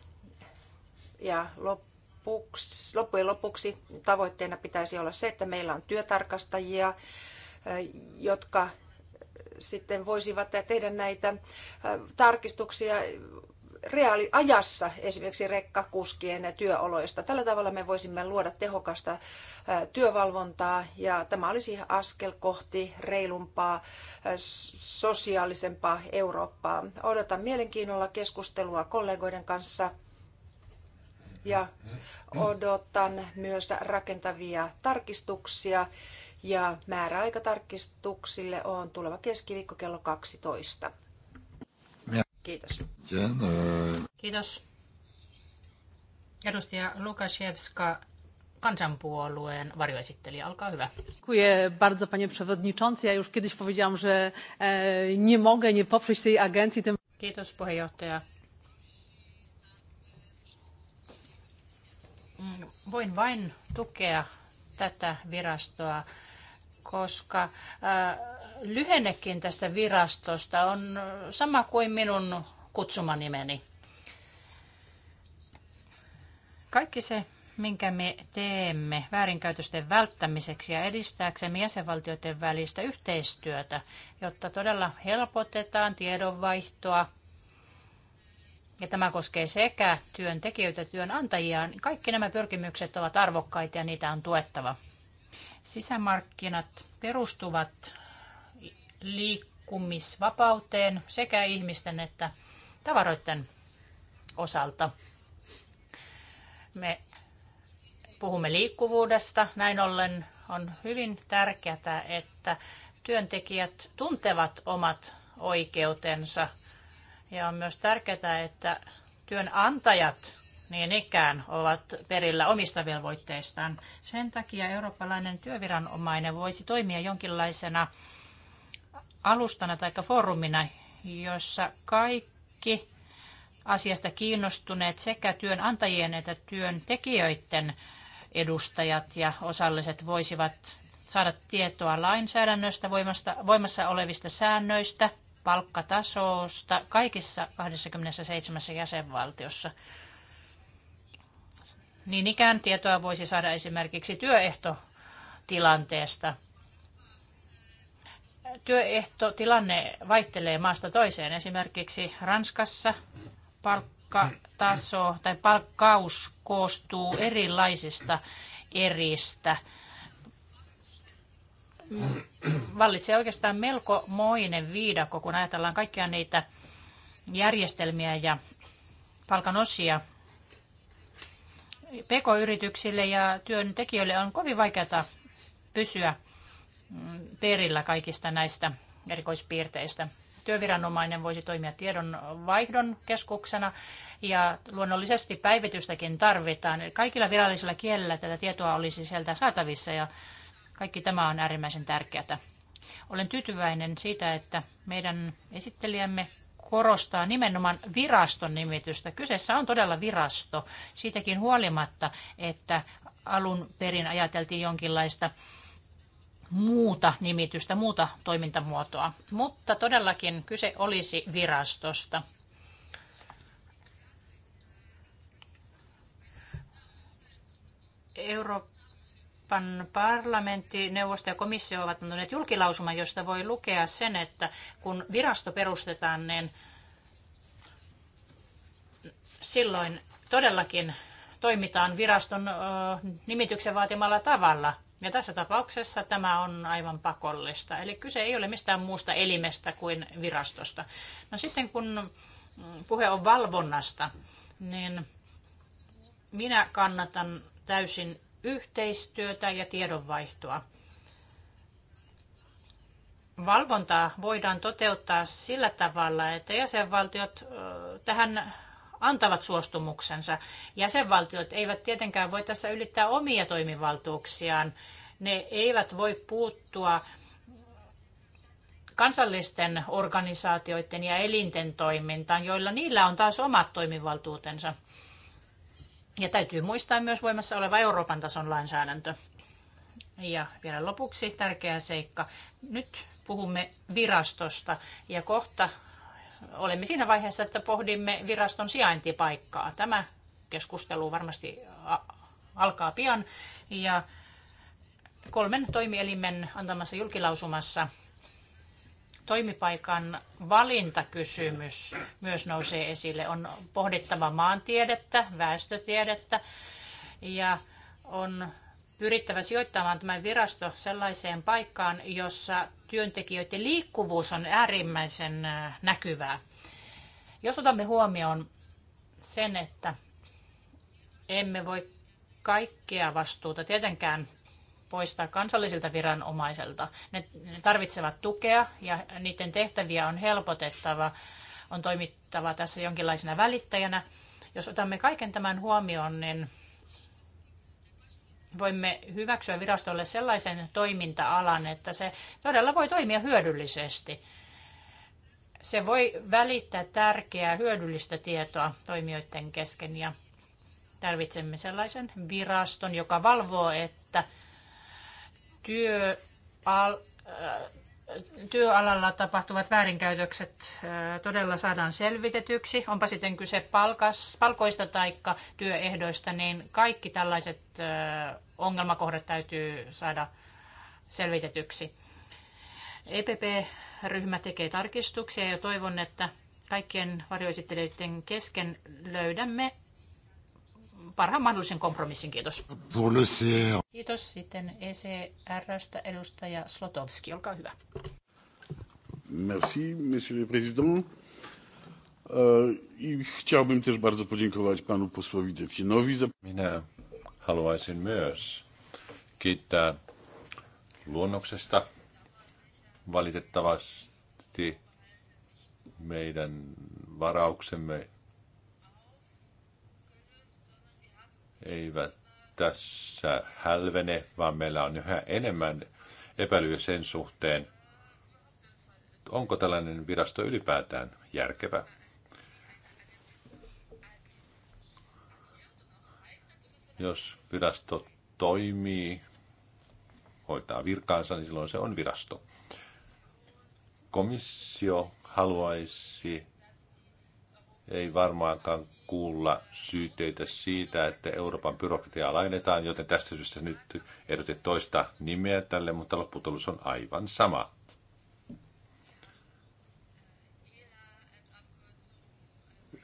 Ja lopuksi, loppujen lopuksi tavoitteena pitäisi olla se, että meillä on työtarkastajia, jotka sitten voisivat tehdä näitä tarkistuksia reaaliajassa esimerkiksi rekkakuskien työoloista. Tällä tavalla me voisimme luoda tehokasta työvalvontaa ja tämä olisi askel kohti reilumpaa, sosiaalisempaa Eurooppaa. Odotan mielenkiinnolla keskustelua kollegoiden kanssa ja odotan myös rakentavia tarkistuksia ja määräaikatarkistuksille on tuleva keskiviikko kello 12. Kiitos. Kiitos. Edustaja Lukasiewska, kansanpuolueen varjoesittelijä, olkaa hyvä. Dziękuję bardzo panie przewodniczący. Ja już kiedyś powiedziałam, że e, nie mogę nie poprzeć tej agencji. Tym... Kiitos puheenjohtaja. Mm, voin vain tukea tätä virastoa, koska äh, lyhennekin tästä virastosta on sama kuin minun kutsumanimeni. Kaikki se, minkä me teemme väärinkäytösten välttämiseksi ja edistääksemme jäsenvaltioiden välistä yhteistyötä, jotta todella helpotetaan tiedonvaihtoa. Ja tämä koskee sekä työntekijöitä että työnantajia. Niin kaikki nämä pyrkimykset ovat arvokkaita ja niitä on tuettava. Sisämarkkinat perustuvat liikkumisvapauteen sekä ihmisten että tavaroiden osalta. Me puhumme liikkuvuudesta, näin ollen on hyvin tärkeää, että työntekijät tuntevat omat oikeutensa. Ja on myös tärkeää, että työnantajat niin ikään ovat perillä omista velvoitteistaan. Sen takia eurooppalainen työviranomainen voisi toimia jonkinlaisena alustana tai foorumina, jossa kaikki asiasta kiinnostuneet sekä työnantajien että työntekijöiden edustajat ja osalliset voisivat saada tietoa lainsäädännöstä, voimasta, voimassa olevista säännöistä, palkkatasosta kaikissa 27 jäsenvaltiossa. Niin ikään tietoa voisi saada esimerkiksi työehtotilanteesta – työehtotilanne vaihtelee maasta toiseen. Esimerkiksi Ranskassa palkkataso tai palkkaus koostuu erilaisista eristä. Vallitsee oikeastaan melko moinen viidakko, kun ajatellaan kaikkia niitä järjestelmiä ja palkanosia. PK-yrityksille ja työntekijöille on kovin vaikeaa pysyä perillä kaikista näistä erikoispiirteistä. Työviranomainen voisi toimia tiedon vaihdon keskuksena ja luonnollisesti päivitystäkin tarvitaan. Kaikilla virallisilla kielillä tätä tietoa olisi sieltä saatavissa ja kaikki tämä on äärimmäisen tärkeää. Olen tyytyväinen siitä, että meidän esittelijämme korostaa nimenomaan viraston nimitystä. Kyseessä on todella virasto, siitäkin huolimatta, että alun perin ajateltiin jonkinlaista muuta nimitystä, muuta toimintamuotoa. Mutta todellakin kyse olisi virastosta. Euroopan parlamentti, neuvosto ja komissio ovat antaneet julkilausuman, josta voi lukea sen, että kun virasto perustetaan, niin silloin todellakin toimitaan viraston nimityksen vaatimalla tavalla – ja tässä tapauksessa tämä on aivan pakollista. Eli kyse ei ole mistään muusta elimestä kuin virastosta. No sitten kun mm, puhe on valvonnasta, niin minä kannatan täysin yhteistyötä ja tiedonvaihtoa. Valvontaa voidaan toteuttaa sillä tavalla, että jäsenvaltiot tähän antavat suostumuksensa. Jäsenvaltiot eivät tietenkään voi tässä ylittää omia toimivaltuuksiaan. Ne eivät voi puuttua kansallisten organisaatioiden ja elinten toimintaan, joilla niillä on taas omat toimivaltuutensa. Ja täytyy muistaa myös voimassa oleva Euroopan tason lainsäädäntö. Ja vielä lopuksi tärkeä seikka. Nyt puhumme virastosta ja kohta olemme siinä vaiheessa, että pohdimme viraston sijaintipaikkaa. Tämä keskustelu varmasti alkaa pian ja kolmen toimielimen antamassa julkilausumassa toimipaikan valintakysymys myös nousee esille. On pohdittava maantiedettä, väestötiedettä ja on pyrittävä sijoittamaan tämä virasto sellaiseen paikkaan, jossa työntekijöiden liikkuvuus on äärimmäisen äh, näkyvää. Jos otamme huomioon sen, että emme voi kaikkea vastuuta tietenkään poistaa kansallisilta viranomaiselta. Ne tarvitsevat tukea ja niiden tehtäviä on helpotettava, on toimittava tässä jonkinlaisena välittäjänä. Jos otamme kaiken tämän huomioon, niin voimme hyväksyä virastolle sellaisen toiminta-alan, että se todella voi toimia hyödyllisesti. Se voi välittää tärkeää hyödyllistä tietoa toimijoiden kesken ja tarvitsemme sellaisen viraston, joka valvoo, että työ, al, työalalla tapahtuvat väärinkäytökset todella saadaan selvitetyksi, onpa sitten kyse palkas, palkoista tai työehdoista, niin kaikki tällaiset ongelmakohdat täytyy saada selvitetyksi. EPP-ryhmä tekee tarkistuksia ja toivon, että kaikkien varjoesittelijöiden kesken löydämme parhaan mahdollisen kompromissin. Kiitos. Kiitos. Sitten ECRstä edustaja Slotowski, olkaa hyvä. Merci, monsieur le président. Euh, I chciałbym też bardzo podziękować panu posłowi Detinowi za... Minä haluaisin myös kiittää luonnoksesta. Valitettavasti meidän varauksemme eivät tässä hälvene, vaan meillä on yhä enemmän epäilyä sen suhteen, onko tällainen virasto ylipäätään järkevä. Jos virasto toimii, hoitaa virkaansa, niin silloin se on virasto. Komissio haluaisi, ei varmaankaan kuulla syytteitä siitä, että Euroopan byrokratiaa lainetaan, joten tästä syystä nyt erotti toista nimeä tälle, mutta lopputulos on aivan sama.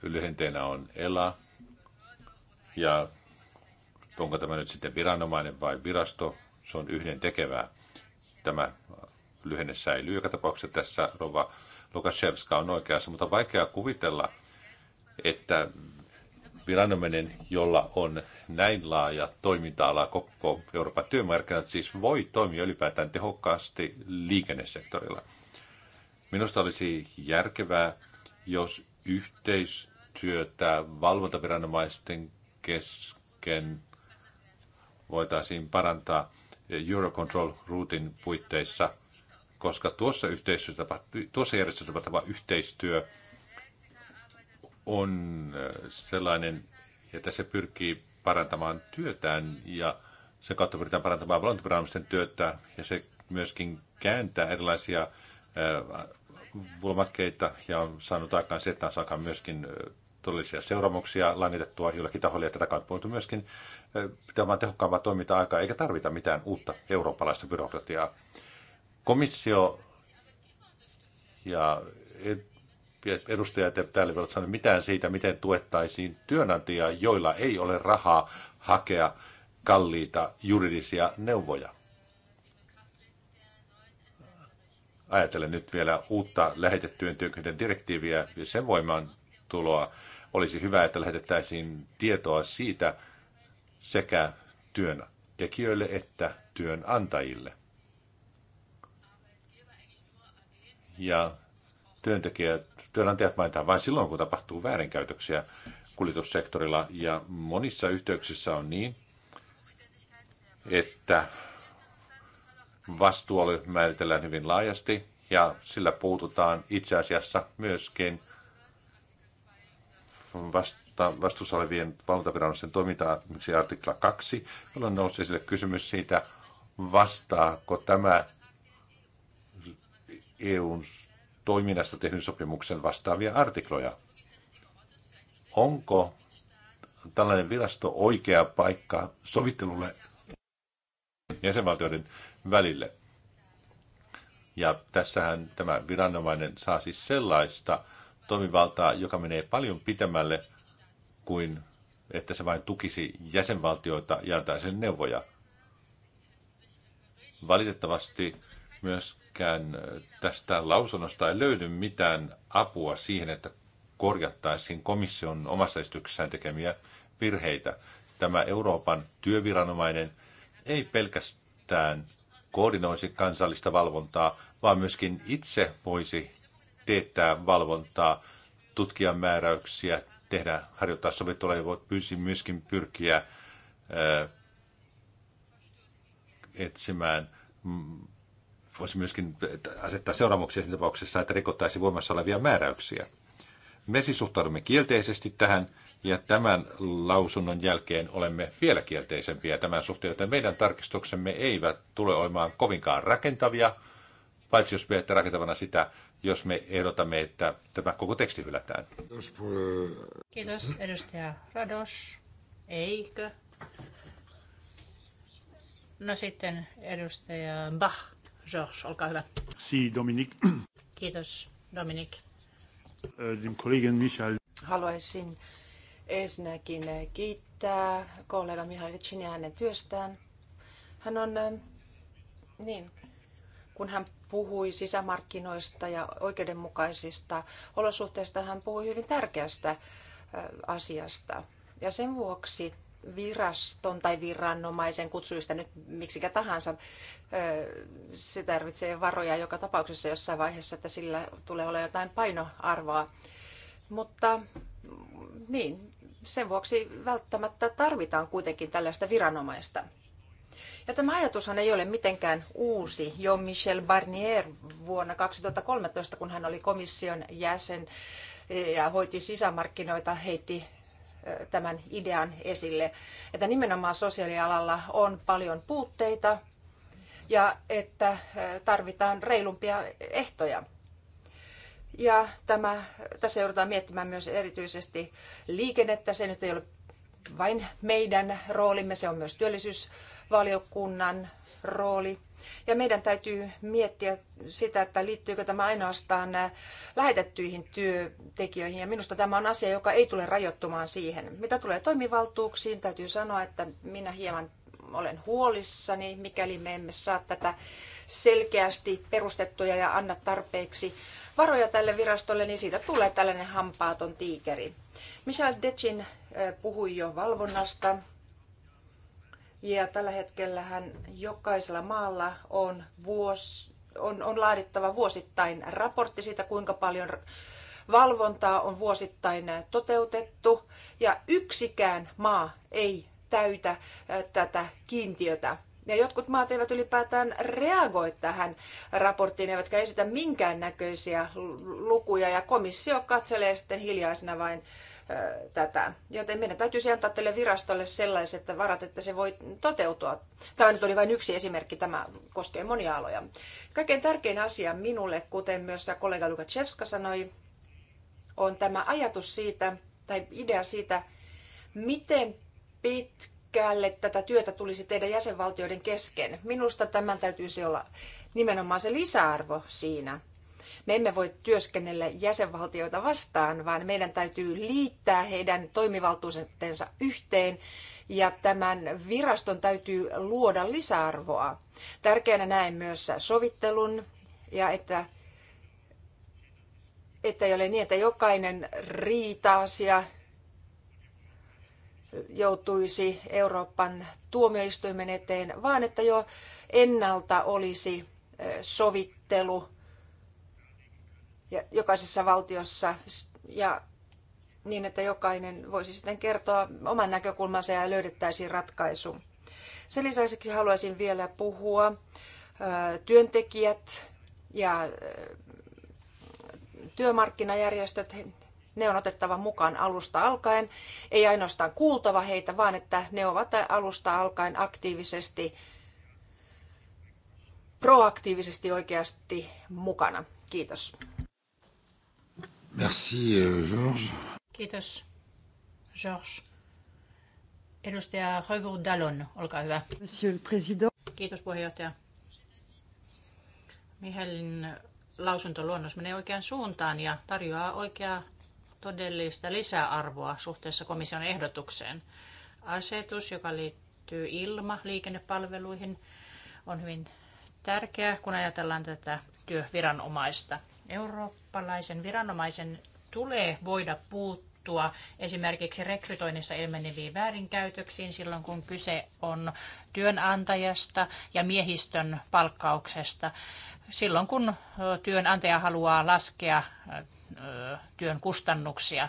Lyhenteenä on ELA, ja onko tämä nyt sitten viranomainen vai virasto, se on yhden tekevää. Tämä lyhenne säilyy joka tapauksessa tässä Rova Lukashevska on oikeassa, mutta vaikea kuvitella, että viranomainen, jolla on näin laaja toiminta-ala koko Euroopan työmarkkinat, siis voi toimia ylipäätään tehokkaasti liikennesektorilla. Minusta olisi järkevää, jos yhteistyötä valvontaviranomaisten kesken voitaisiin parantaa Eurocontrol-ruutin puitteissa, koska tuossa, tuossa järjestössä tapahtuva yhteistyö – on äh, sellainen, että se pyrkii parantamaan työtään ja sen kautta pyritään parantamaan valvontaviranomaisten työtä ja se myöskin kääntää erilaisia äh, vulmakkeita ja on saanut aikaan se, että on myöskin äh, todellisia seuraamuksia langitettua jollakin taholla ja tätä kautta voitu myöskin vain tehokkaampaa toimintaa aikaa eikä tarvita mitään uutta eurooppalaista byrokratiaa. Komissio ja edustajat eivät täällä ole sanoneet mitään siitä, miten tuettaisiin työnantajia, joilla ei ole rahaa hakea kalliita juridisia neuvoja. Ajatellen nyt vielä uutta lähetettyjen työkyhden direktiiviä ja sen voimaan tuloa. Olisi hyvä, että lähetettäisiin tietoa siitä sekä työntekijöille että työnantajille. Ja työntekijät, työnantajat mainitaan vain silloin, kun tapahtuu väärinkäytöksiä kuljetussektorilla. Ja monissa yhteyksissä on niin, että vastuualue määritellään hyvin laajasti ja sillä puututaan itse asiassa myöskin vasta, vastuussa olevien valtaviranomaisten toimintaa, miksi artikla 2, jolloin nousi esille kysymys siitä, vastaako tämä EUn toiminnasta tehdyn sopimuksen vastaavia artikloja. Onko tällainen virasto oikea paikka sovittelulle jäsenvaltioiden välille? Ja tässähän tämä viranomainen saa siis sellaista toimivaltaa, joka menee paljon pitemmälle kuin että se vain tukisi jäsenvaltioita ja antaisi neuvoja. Valitettavasti Myöskään tästä lausunnosta ei löydy mitään apua siihen, että korjattaisiin komission omassa esityksessään tekemiä virheitä. Tämä Euroopan työviranomainen ei pelkästään koordinoisi kansallista valvontaa, vaan myöskin itse voisi teettää valvontaa, tutkia määräyksiä, tehdä, harjoittaa sovittuja, voi pyysi myöskin pyrkiä etsimään voisi myöskin asettaa seuraamuksia siinä tapauksessa, että rikottaisiin voimassa olevia määräyksiä. Me siis suhtaudumme kielteisesti tähän ja tämän lausunnon jälkeen olemme vielä kielteisempiä tämän suhteen, joten meidän tarkistuksemme eivät tule olemaan kovinkaan rakentavia, paitsi jos pidätte rakentavana sitä, jos me ehdotamme, että tämä koko teksti hylätään. Kiitos edustaja Rados. Eikö? No sitten edustaja Bach. George, olkaa hyvä. Si, Dominik. Kiitos, Dominik. Äh, dem Kollegen Michael. Haluaisin ensinnäkin kiittää kollega Mihail Chinia hänen työstään. Hän on, äh, niin, kun hän puhui sisämarkkinoista ja oikeudenmukaisista olosuhteista, hän puhui hyvin tärkeästä äh, asiasta. Ja sen vuoksi viraston tai viranomaisen, kutsuista nyt miksikä tahansa, se tarvitsee varoja joka tapauksessa jossain vaiheessa, että sillä tulee olla jotain painoarvoa. Mutta niin, sen vuoksi välttämättä tarvitaan kuitenkin tällaista viranomaista. Ja tämä ajatushan ei ole mitenkään uusi. Jo Michel Barnier vuonna 2013, kun hän oli komission jäsen e, ja hoiti sisämarkkinoita, heitti tämän idean esille, että nimenomaan sosiaalialalla on paljon puutteita ja että äh, tarvitaan reilumpia ehtoja. Ja tämä, tässä joudutaan miettimään myös erityisesti liikennettä. Se nyt ei ole vain meidän roolimme, se on myös työllisyysvaliokunnan rooli. Ja meidän täytyy miettiä sitä, että liittyykö tämä ainoastaan lähetettyihin työntekijöihin. Ja minusta tämä on asia, joka ei tule rajoittumaan siihen. Mitä tulee toimivaltuuksiin, täytyy sanoa, että minä hieman olen huolissani, mikäli me emme saa tätä selkeästi perustettuja ja anna tarpeeksi varoja tälle virastolle, niin siitä tulee tällainen hampaaton tiikeri. Michel Dechin puhui jo valvonnasta. Ja tällä hetkellähän jokaisella maalla on, vuos, on, on laadittava vuosittain raportti siitä, kuinka paljon valvontaa on vuosittain toteutettu. Ja yksikään maa ei täytä tätä kiintiötä. Ja jotkut maat eivät ylipäätään reagoi tähän raporttiin, eivätkä esitä minkäännäköisiä lukuja, ja komissio katselee sitten hiljaisena vain tätä. Joten meidän täytyisi antaa tälle virastolle sellaiset varat, että se voi toteutua. Tämä nyt oli vain yksi esimerkki, tämä koskee monia aloja. Kaikkein tärkein asia minulle, kuten myös kollega Lukashevska sanoi, on tämä ajatus siitä, tai idea siitä, miten pitkälle tätä työtä tulisi tehdä jäsenvaltioiden kesken. Minusta tämän täytyisi olla nimenomaan se lisäarvo siinä, me emme voi työskennellä jäsenvaltioita vastaan, vaan meidän täytyy liittää heidän toimivaltuutensa yhteen ja tämän viraston täytyy luoda lisäarvoa. Tärkeänä näen myös sovittelun ja että että ei ole niin, että jokainen riita-asia joutuisi Euroopan tuomioistuimen eteen, vaan että jo ennalta olisi sovittelu ja jokaisessa valtiossa ja niin, että jokainen voisi sitten kertoa oman näkökulmansa ja löydettäisiin ratkaisu. Sen lisäksi haluaisin vielä puhua työntekijät ja työmarkkinajärjestöt, ne on otettava mukaan alusta alkaen, ei ainoastaan kuultava heitä, vaan että ne ovat alusta alkaen aktiivisesti, proaktiivisesti oikeasti mukana. Kiitos. Merci, euh, George. Kiitos, George. Edustaja Rövu Dallon, olkaa hyvä. Monsieur le Président. Kiitos puheenjohtaja. Mihelin lausuntoluonnos menee oikeaan suuntaan ja tarjoaa oikeaa todellista lisäarvoa suhteessa komission ehdotukseen. Asetus, joka liittyy ilma liikennepalveluihin, on hyvin tärkeä, kun ajatellaan tätä työviranomaista. Eurooppalaisen viranomaisen tulee voida puuttua esimerkiksi rekrytoinnissa ilmeneviin väärinkäytöksiin silloin, kun kyse on työnantajasta ja miehistön palkkauksesta. Silloin, kun työnantaja haluaa laskea työn kustannuksia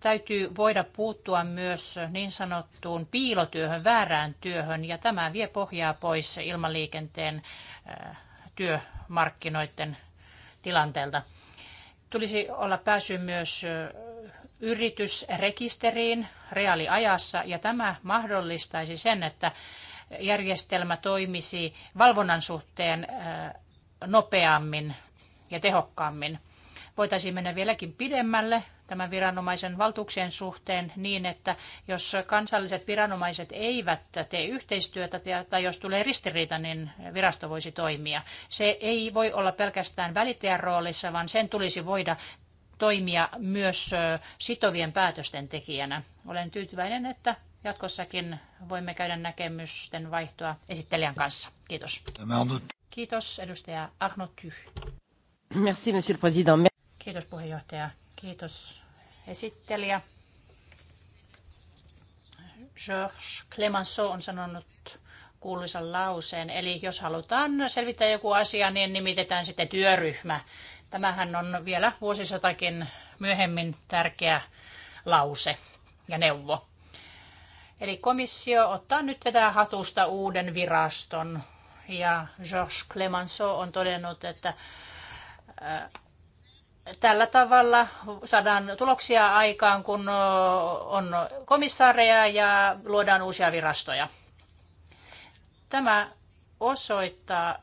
täytyy voida puuttua myös niin sanottuun piilotyöhön, väärään työhön, ja tämä vie pohjaa pois ilmaliikenteen äh, työmarkkinoiden tilanteelta. Tulisi olla pääsy myös äh, yritysrekisteriin reaaliajassa, ja tämä mahdollistaisi sen, että järjestelmä toimisi valvonnan suhteen äh, nopeammin ja tehokkaammin voitaisiin mennä vieläkin pidemmälle tämän viranomaisen valtuuksien suhteen niin, että jos kansalliset viranomaiset eivät tee yhteistyötä tai jos tulee ristiriita, niin virasto voisi toimia. Se ei voi olla pelkästään välittäjän roolissa, vaan sen tulisi voida toimia myös sitovien päätösten tekijänä. Olen tyytyväinen, että jatkossakin voimme käydä näkemysten vaihtoa esittelijän kanssa. Kiitos. Kiitos edustaja Arno Tyh. Merci, monsieur le président. Kiitos puheenjohtaja. Kiitos esittelijä. Georges Clemenceau on sanonut kuuluisan lauseen, eli jos halutaan selvittää joku asia, niin nimitetään sitten työryhmä. Tämähän on vielä vuosisatakin myöhemmin tärkeä lause ja neuvo. Eli komissio ottaa nyt vetää hatusta uuden viraston. Ja Georges Clemenceau on todennut, että tällä tavalla saadaan tuloksia aikaan, kun on komissaareja ja luodaan uusia virastoja. Tämä osoittaa,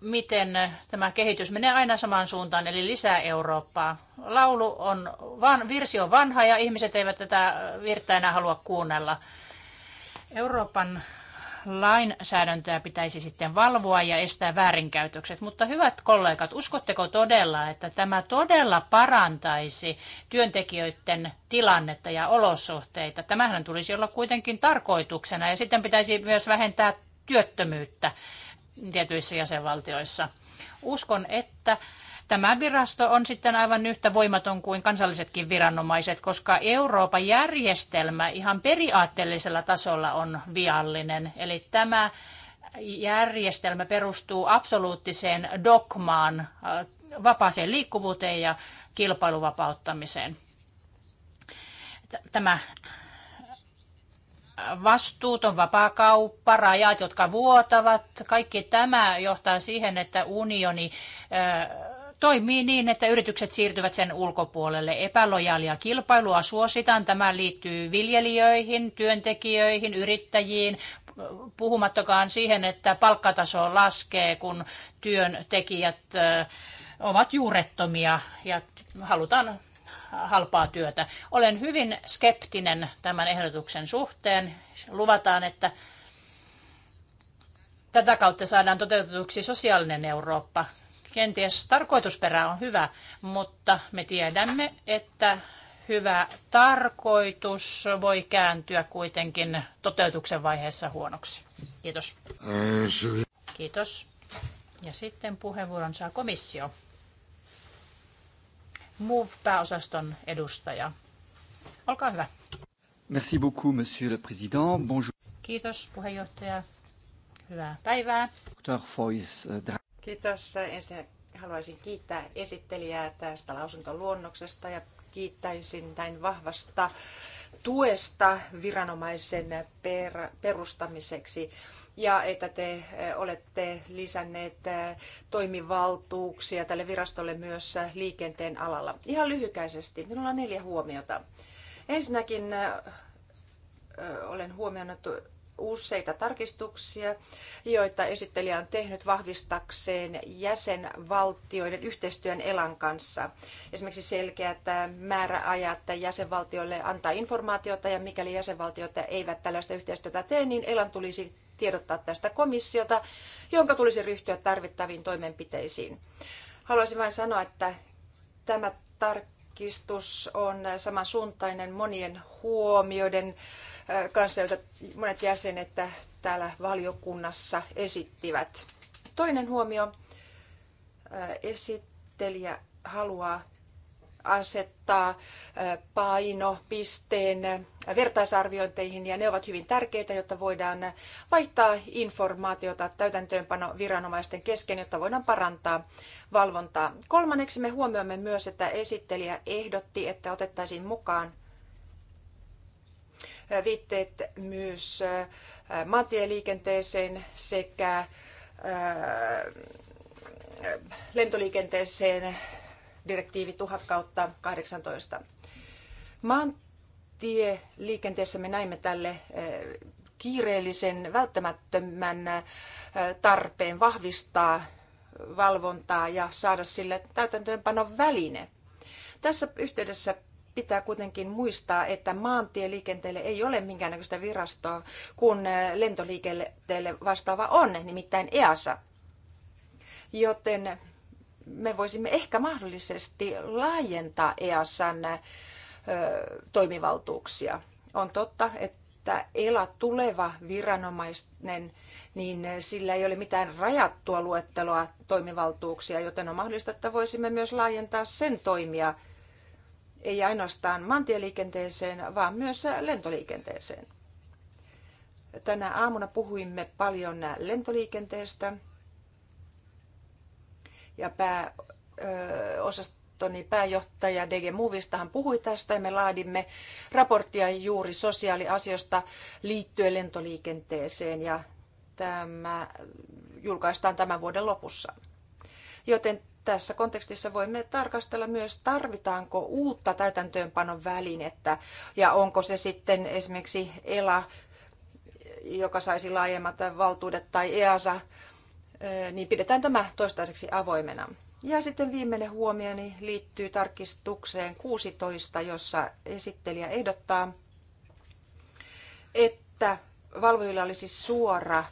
miten tämä kehitys menee aina samaan suuntaan, eli lisää Eurooppaa. Laulu on, van, virsi on vanha ja ihmiset eivät tätä virttä enää halua kuunnella. Euroopan lainsäädäntöä pitäisi sitten valvoa ja estää väärinkäytökset. Mutta hyvät kollegat, uskotteko todella, että tämä todella parantaisi työntekijöiden tilannetta ja olosuhteita? Tämähän tulisi olla kuitenkin tarkoituksena ja sitten pitäisi myös vähentää työttömyyttä tietyissä jäsenvaltioissa. Uskon, että Tämä virasto on sitten aivan yhtä voimaton kuin kansallisetkin viranomaiset, koska Euroopan järjestelmä ihan periaatteellisella tasolla on viallinen. Eli tämä järjestelmä perustuu absoluuttiseen dogmaan, äh, vapaaseen liikkuvuuteen ja kilpailuvapauttamiseen. Tämä vastuuton vapaakauppa, rajat, jotka vuotavat, kaikki tämä johtaa siihen, että unioni äh, toimii niin, että yritykset siirtyvät sen ulkopuolelle. Epälojaalia kilpailua suositaan. Tämä liittyy viljelijöihin, työntekijöihin, yrittäjiin, puhumattakaan siihen, että palkkataso laskee, kun työntekijät ovat juurettomia ja halutaan halpaa työtä. Olen hyvin skeptinen tämän ehdotuksen suhteen. Luvataan, että tätä kautta saadaan toteutetuksi sosiaalinen Eurooppa. Kenties tarkoitusperä on hyvä, mutta me tiedämme, että hyvä tarkoitus voi kääntyä kuitenkin toteutuksen vaiheessa huonoksi. Kiitos. Kiitos. Ja sitten puheenvuoron saa komissio. MOVE-pääosaston edustaja. Olkaa hyvä. Merci beaucoup, monsieur le président. Bonjour. Kiitos puheenjohtaja. Hyvää päivää. Kiitos. Ensin haluaisin kiittää esittelijää tästä lausuntoluonnoksesta ja kiittäisin näin vahvasta tuesta viranomaisen perustamiseksi ja että te olette lisänneet toimivaltuuksia tälle virastolle myös liikenteen alalla. Ihan lyhykäisesti, minulla on neljä huomiota. Ensinnäkin olen huomioinut useita tarkistuksia, joita esittelijä on tehnyt vahvistakseen jäsenvaltioiden yhteistyön elan kanssa. Esimerkiksi selkeät määräajat jäsenvaltioille antaa informaatiota ja mikäli jäsenvaltiot eivät tällaista yhteistyötä tee, niin elan tulisi tiedottaa tästä komissiota, jonka tulisi ryhtyä tarvittaviin toimenpiteisiin. Haluaisin vain sanoa, että tämä tarkistus on samansuuntainen monien huomioiden kanssa, joita monet jäsenet täällä valiokunnassa esittivät. Toinen huomio. Äh, esittelijä haluaa asettaa äh, painopisteen äh, vertaisarviointeihin ja ne ovat hyvin tärkeitä, jotta voidaan vaihtaa informaatiota täytäntöönpano viranomaisten kesken, jotta voidaan parantaa valvontaa. Kolmanneksi me huomioimme myös, että esittelijä ehdotti, että otettaisiin mukaan viitteet myös äh, maantieliikenteeseen sekä äh, lentoliikenteeseen direktiivi 1000 kautta 18. Maantieliikenteessä me näimme tälle äh, kiireellisen välttämättömän tarpeen vahvistaa valvontaa ja saada sille täytäntöönpanon väline. Tässä yhteydessä pitää kuitenkin muistaa, että maantieliikenteelle ei ole minkäännäköistä virastoa, kun äh, lentoliikenteelle vastaava on, nimittäin EASA. Joten me voisimme ehkä mahdollisesti laajentaa EASAn äh, toimivaltuuksia. On totta, että ELA tuleva viranomainen, niin äh, sillä ei ole mitään rajattua luetteloa toimivaltuuksia, joten on mahdollista, että voisimme myös laajentaa sen toimia – ei ainoastaan maantieliikenteeseen, vaan myös lentoliikenteeseen. Tänä aamuna puhuimme paljon lentoliikenteestä ja pääosastoni pääjohtaja DG Movistahan puhui tästä ja me laadimme raporttia juuri sosiaaliasiosta liittyen lentoliikenteeseen ja tämä julkaistaan tämän vuoden lopussa. Joten tässä kontekstissa voimme tarkastella myös, tarvitaanko uutta täytäntöönpanon välinettä ja onko se sitten esimerkiksi ELA, joka saisi laajemmat valtuudet, tai EASA, eh, niin pidetään tämä toistaiseksi avoimena. Ja sitten viimeinen huomioni liittyy tarkistukseen 16, jossa esittelijä ehdottaa, että valvojilla olisi suora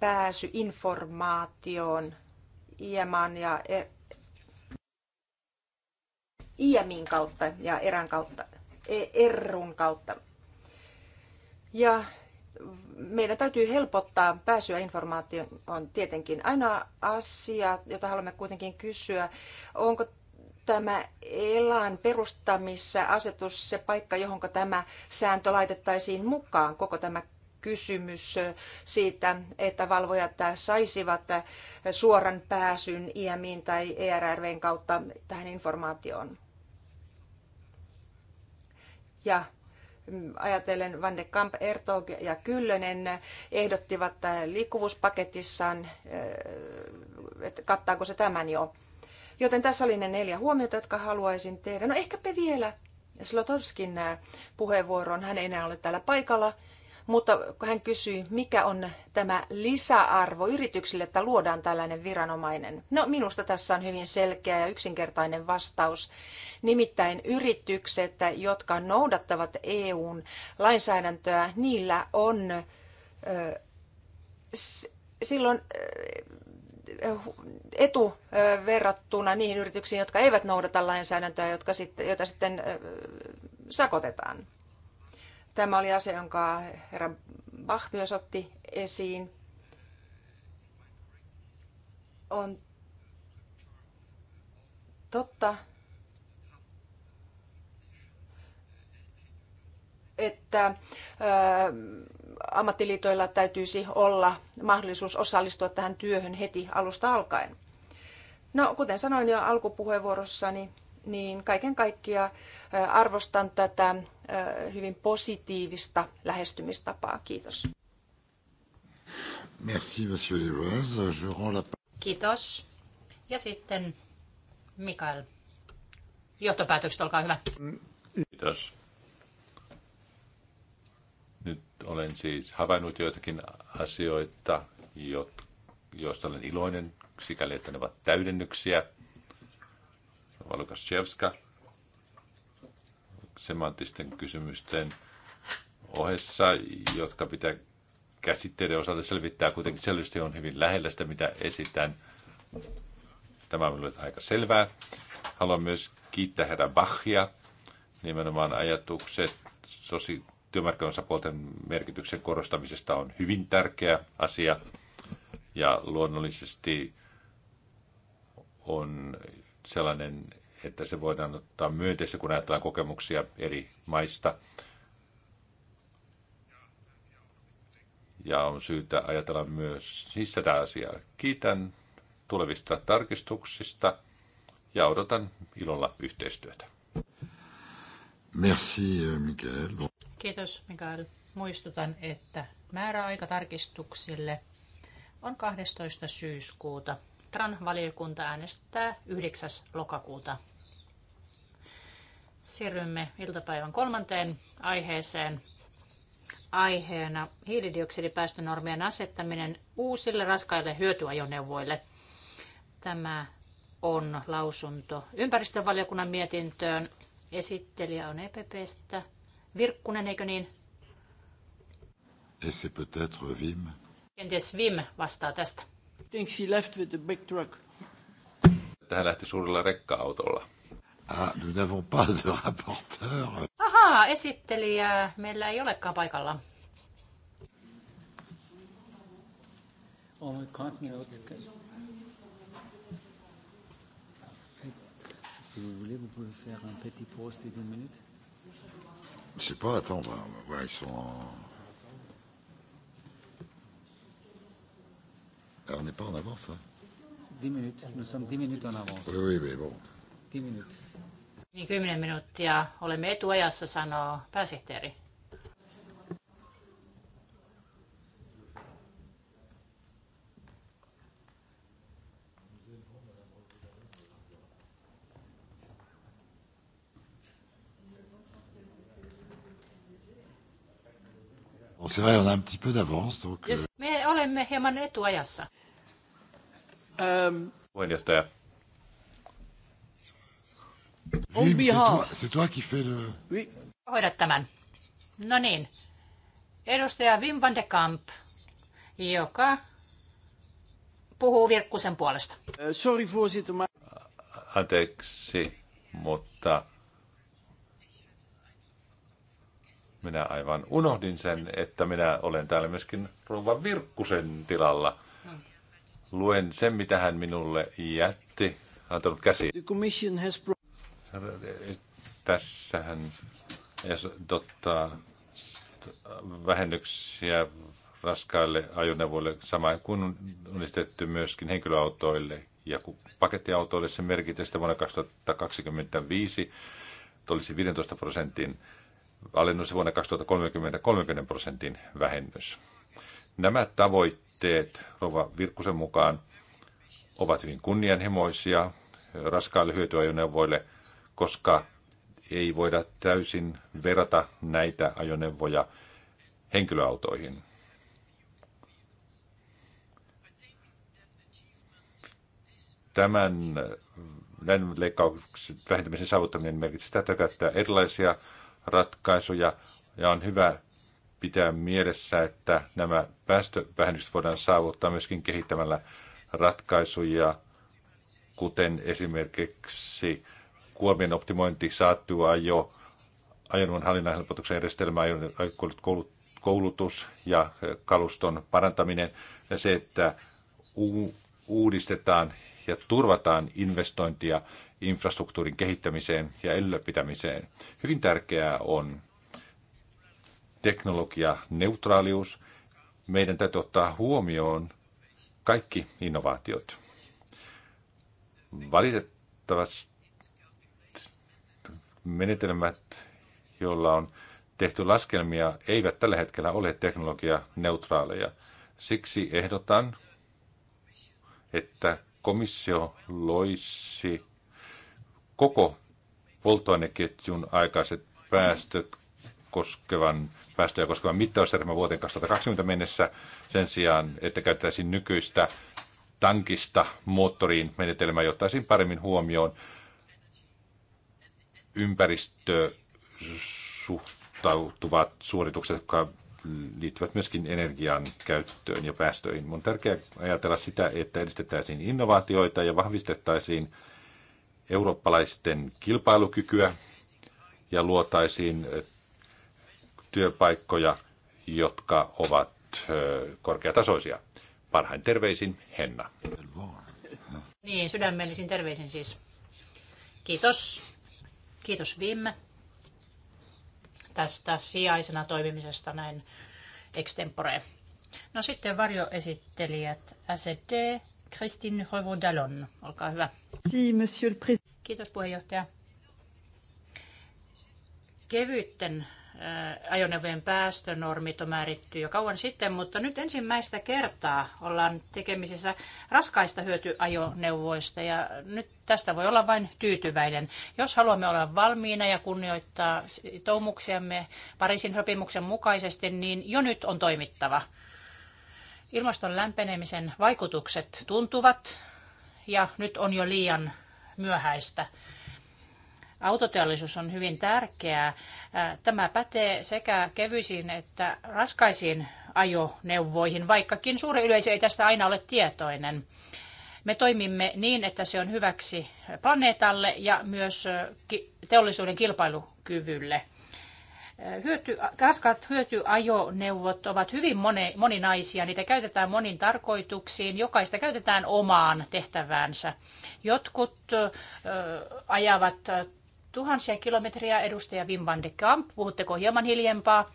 pääsy informaatioon IEMAN ja e- IMin kautta ja erän kautta, ERUn kautta. Ja meidän täytyy helpottaa pääsyä informaatioon on tietenkin aina asia, jota haluamme kuitenkin kysyä. Onko tämä ELAN perustamissa asetus se paikka, johon tämä sääntö laitettaisiin mukaan, koko tämä kysymys siitä, että valvojat saisivat suoran pääsyn IMIin tai ERRVn kautta tähän informaatioon ja mm, ajatellen Van de Kamp, Ertog ja Kyllönen ehdottivat äh, liikkuvuuspaketissaan, äh, että kattaako se tämän jo. Joten tässä oli ne neljä huomiota, jotka haluaisin tehdä. No ehkäpä vielä Slotovskin äh, puheenvuoron. Hän ei enää ole täällä paikalla, mutta hän kysyi, mikä on tämä lisäarvo yrityksille, että luodaan tällainen viranomainen. No minusta tässä on hyvin selkeä ja yksinkertainen vastaus. Nimittäin yritykset, jotka noudattavat EUn lainsäädäntöä, niillä on silloin etu verrattuna niihin yrityksiin, jotka eivät noudata lainsäädäntöä, jotka sit, joita sitten sakotetaan. Tämä oli asia, jonka herra Bach myös otti esiin. On totta, että ö, ammattiliitoilla täytyisi olla mahdollisuus osallistua tähän työhön heti alusta alkaen. No, kuten sanoin jo alkupuheenvuorossani, niin kaiken kaikkiaan arvostan tätä hyvin positiivista lähestymistapaa. Kiitos. Merci, monsieur Je rends la... Kiitos. Ja sitten Mikael. Johtopäätökset, olkaa hyvä. Kiitos. Nyt olen siis havainnut joitakin asioita, joista olen iloinen sikäli, että ne ovat täydennyksiä. Valukashevska semanttisten kysymysten ohessa, jotka pitää käsitteiden osalta selvittää. Kuitenkin selvästi on hyvin lähellä sitä, mitä esitän. Tämä on minulle aika selvää. Haluan myös kiittää herra Bachia, nimenomaan ajatukset sosi- työmarkkinoiden merkityksen korostamisesta on hyvin tärkeä asia. Ja luonnollisesti on sellainen että se voidaan ottaa myönteisesti, kun ajatellaan kokemuksia eri maista. Ja on syytä ajatella myös siis tätä asiaa. Kiitän tulevista tarkistuksista ja odotan ilolla yhteistyötä. Merci, Mikael. Kiitos, Mikael. Muistutan, että määräaika tarkistuksille on 12. syyskuuta. TRAN valiokunta äänestää 9. lokakuuta Siirrymme iltapäivän kolmanteen aiheeseen. Aiheena hiilidioksidipäästönormien asettaminen uusille raskaille hyötyajoneuvoille. Tämä on lausunto ympäristövaliokunnan mietintöön. Esittelijä on EPPstä. Virkkunen, eikö niin? Et c'est peut-être Vim. Kenties Vim vastaa tästä. Thinks he left with the big truck. Tähän lähti suurella rekka-autolla. Ah, nous n'avons pas de rapporteur. Ahaa, esittelijä. meillä ei olekaan paikalla. Si vous voulez, vous pouvez faire un petit poste d'une minute. Je sais pas, attends, on va, on voir, ils sont en... Alors, ah, on n'est pas en avance, hein. 10 minutes, nous sommes 10 minutes en avance. Oui, oui, mais bon. 10 minutes. Niin kymmenen minuuttia olemme etuajassa, sanoo pääsihteeri. on un petit peu d'avance, donc... Euh. Me olemme hieman etuajassa. Um... Puheenjohtaja, C'est toi, toi qui fais le... Oui. Hoidat tämän. No niin. Edustaja Wim van de Kamp, joka puhuu Virkkusen puolesta. Äh, sorry, voorzitter, maar... Anteeksi, mutta minä aivan unohdin sen, että minä olen täällä myöskin rouva Virkkusen tilalla. Luen sen, mitä hän minulle jätti, antanut käsi. The commission has Tässähän totta, vähennyksiä raskaille ajoneuvoille, sama kuin on esitetty myöskin henkilöautoille ja kun pakettiautoille se merkitystä vuonna 2025 olisi 15 prosentin alennus vuonna 2030 30 prosentin vähennys. Nämä tavoitteet Rova Virkkusen mukaan ovat hyvin kunnianhimoisia raskaille hyötyajoneuvoille – koska ei voida täysin verrata näitä ajoneuvoja henkilöautoihin. Tämän näiden leikkauksen vähentämisen saavuttaminen merkitsee sitä, että käyttää erilaisia ratkaisuja ja on hyvä pitää mielessä, että nämä päästövähennykset voidaan saavuttaa myöskin kehittämällä ratkaisuja, kuten esimerkiksi kuormien optimointi, ajo, ajoneuvon hallinnan helpotuksen järjestelmä, koulutus ja eh, kaluston parantaminen ja se, että uudistetaan ja turvataan investointia infrastruktuurin kehittämiseen ja ylläpitämiseen. Hyvin tärkeää on teknologianeutraalius. Meidän täytyy ottaa huomioon kaikki innovaatiot. Valitettavasti Menetelmät, joilla on tehty laskelmia, eivät tällä hetkellä ole teknologianeutraaleja. Siksi ehdotan, että komissio loisi koko polttoaineketjun aikaiset päästöt koskevan, päästöjä koskevan mittausjärjestelmän vuoteen 2020 mennessä sen sijaan, että käyttäisiin nykyistä tankista moottoriin menetelmää, jotta paremmin huomioon suhtautuvat suoritukset, jotka liittyvät myöskin energian käyttöön ja päästöihin. On tärkeää ajatella sitä, että edistettäisiin innovaatioita ja vahvistettaisiin eurooppalaisten kilpailukykyä ja luotaisiin eh, työpaikkoja, jotka ovat eh, korkeatasoisia. Parhain terveisin Henna. Niin, sydämellisin terveisin siis. Kiitos. Kiitos Vimme tästä sijaisena toimimisesta näin extempore. No sitten varjoesittelijät SD, Christine Revaud-Dallon, olkaa hyvä. Kiitos puheenjohtaja. Kevyytten ajoneuvojen päästönormit on määritty jo kauan sitten, mutta nyt ensimmäistä kertaa ollaan tekemisissä raskaista hyötyajoneuvoista ja nyt tästä voi olla vain tyytyväinen. Jos haluamme olla valmiina ja kunnioittaa sitoumuksiamme Pariisin sopimuksen mukaisesti, niin jo nyt on toimittava. Ilmaston lämpenemisen vaikutukset tuntuvat ja nyt on jo liian myöhäistä. Autoteollisuus on hyvin tärkeää. Tämä pätee sekä kevyisiin että raskaisiin ajoneuvoihin, vaikkakin suuri yleisö ei tästä aina ole tietoinen. Me toimimme niin, että se on hyväksi planeetalle ja myös teollisuuden kilpailukyvylle. Hyöty, raskaat hyötyajoneuvot ovat hyvin moninaisia. Niitä käytetään monin tarkoituksiin. Jokaista käytetään omaan tehtäväänsä. Jotkut ö, ajavat tuhansia kilometriä. Edustaja Wim van de Kamp, puhutteko hieman hiljempaa?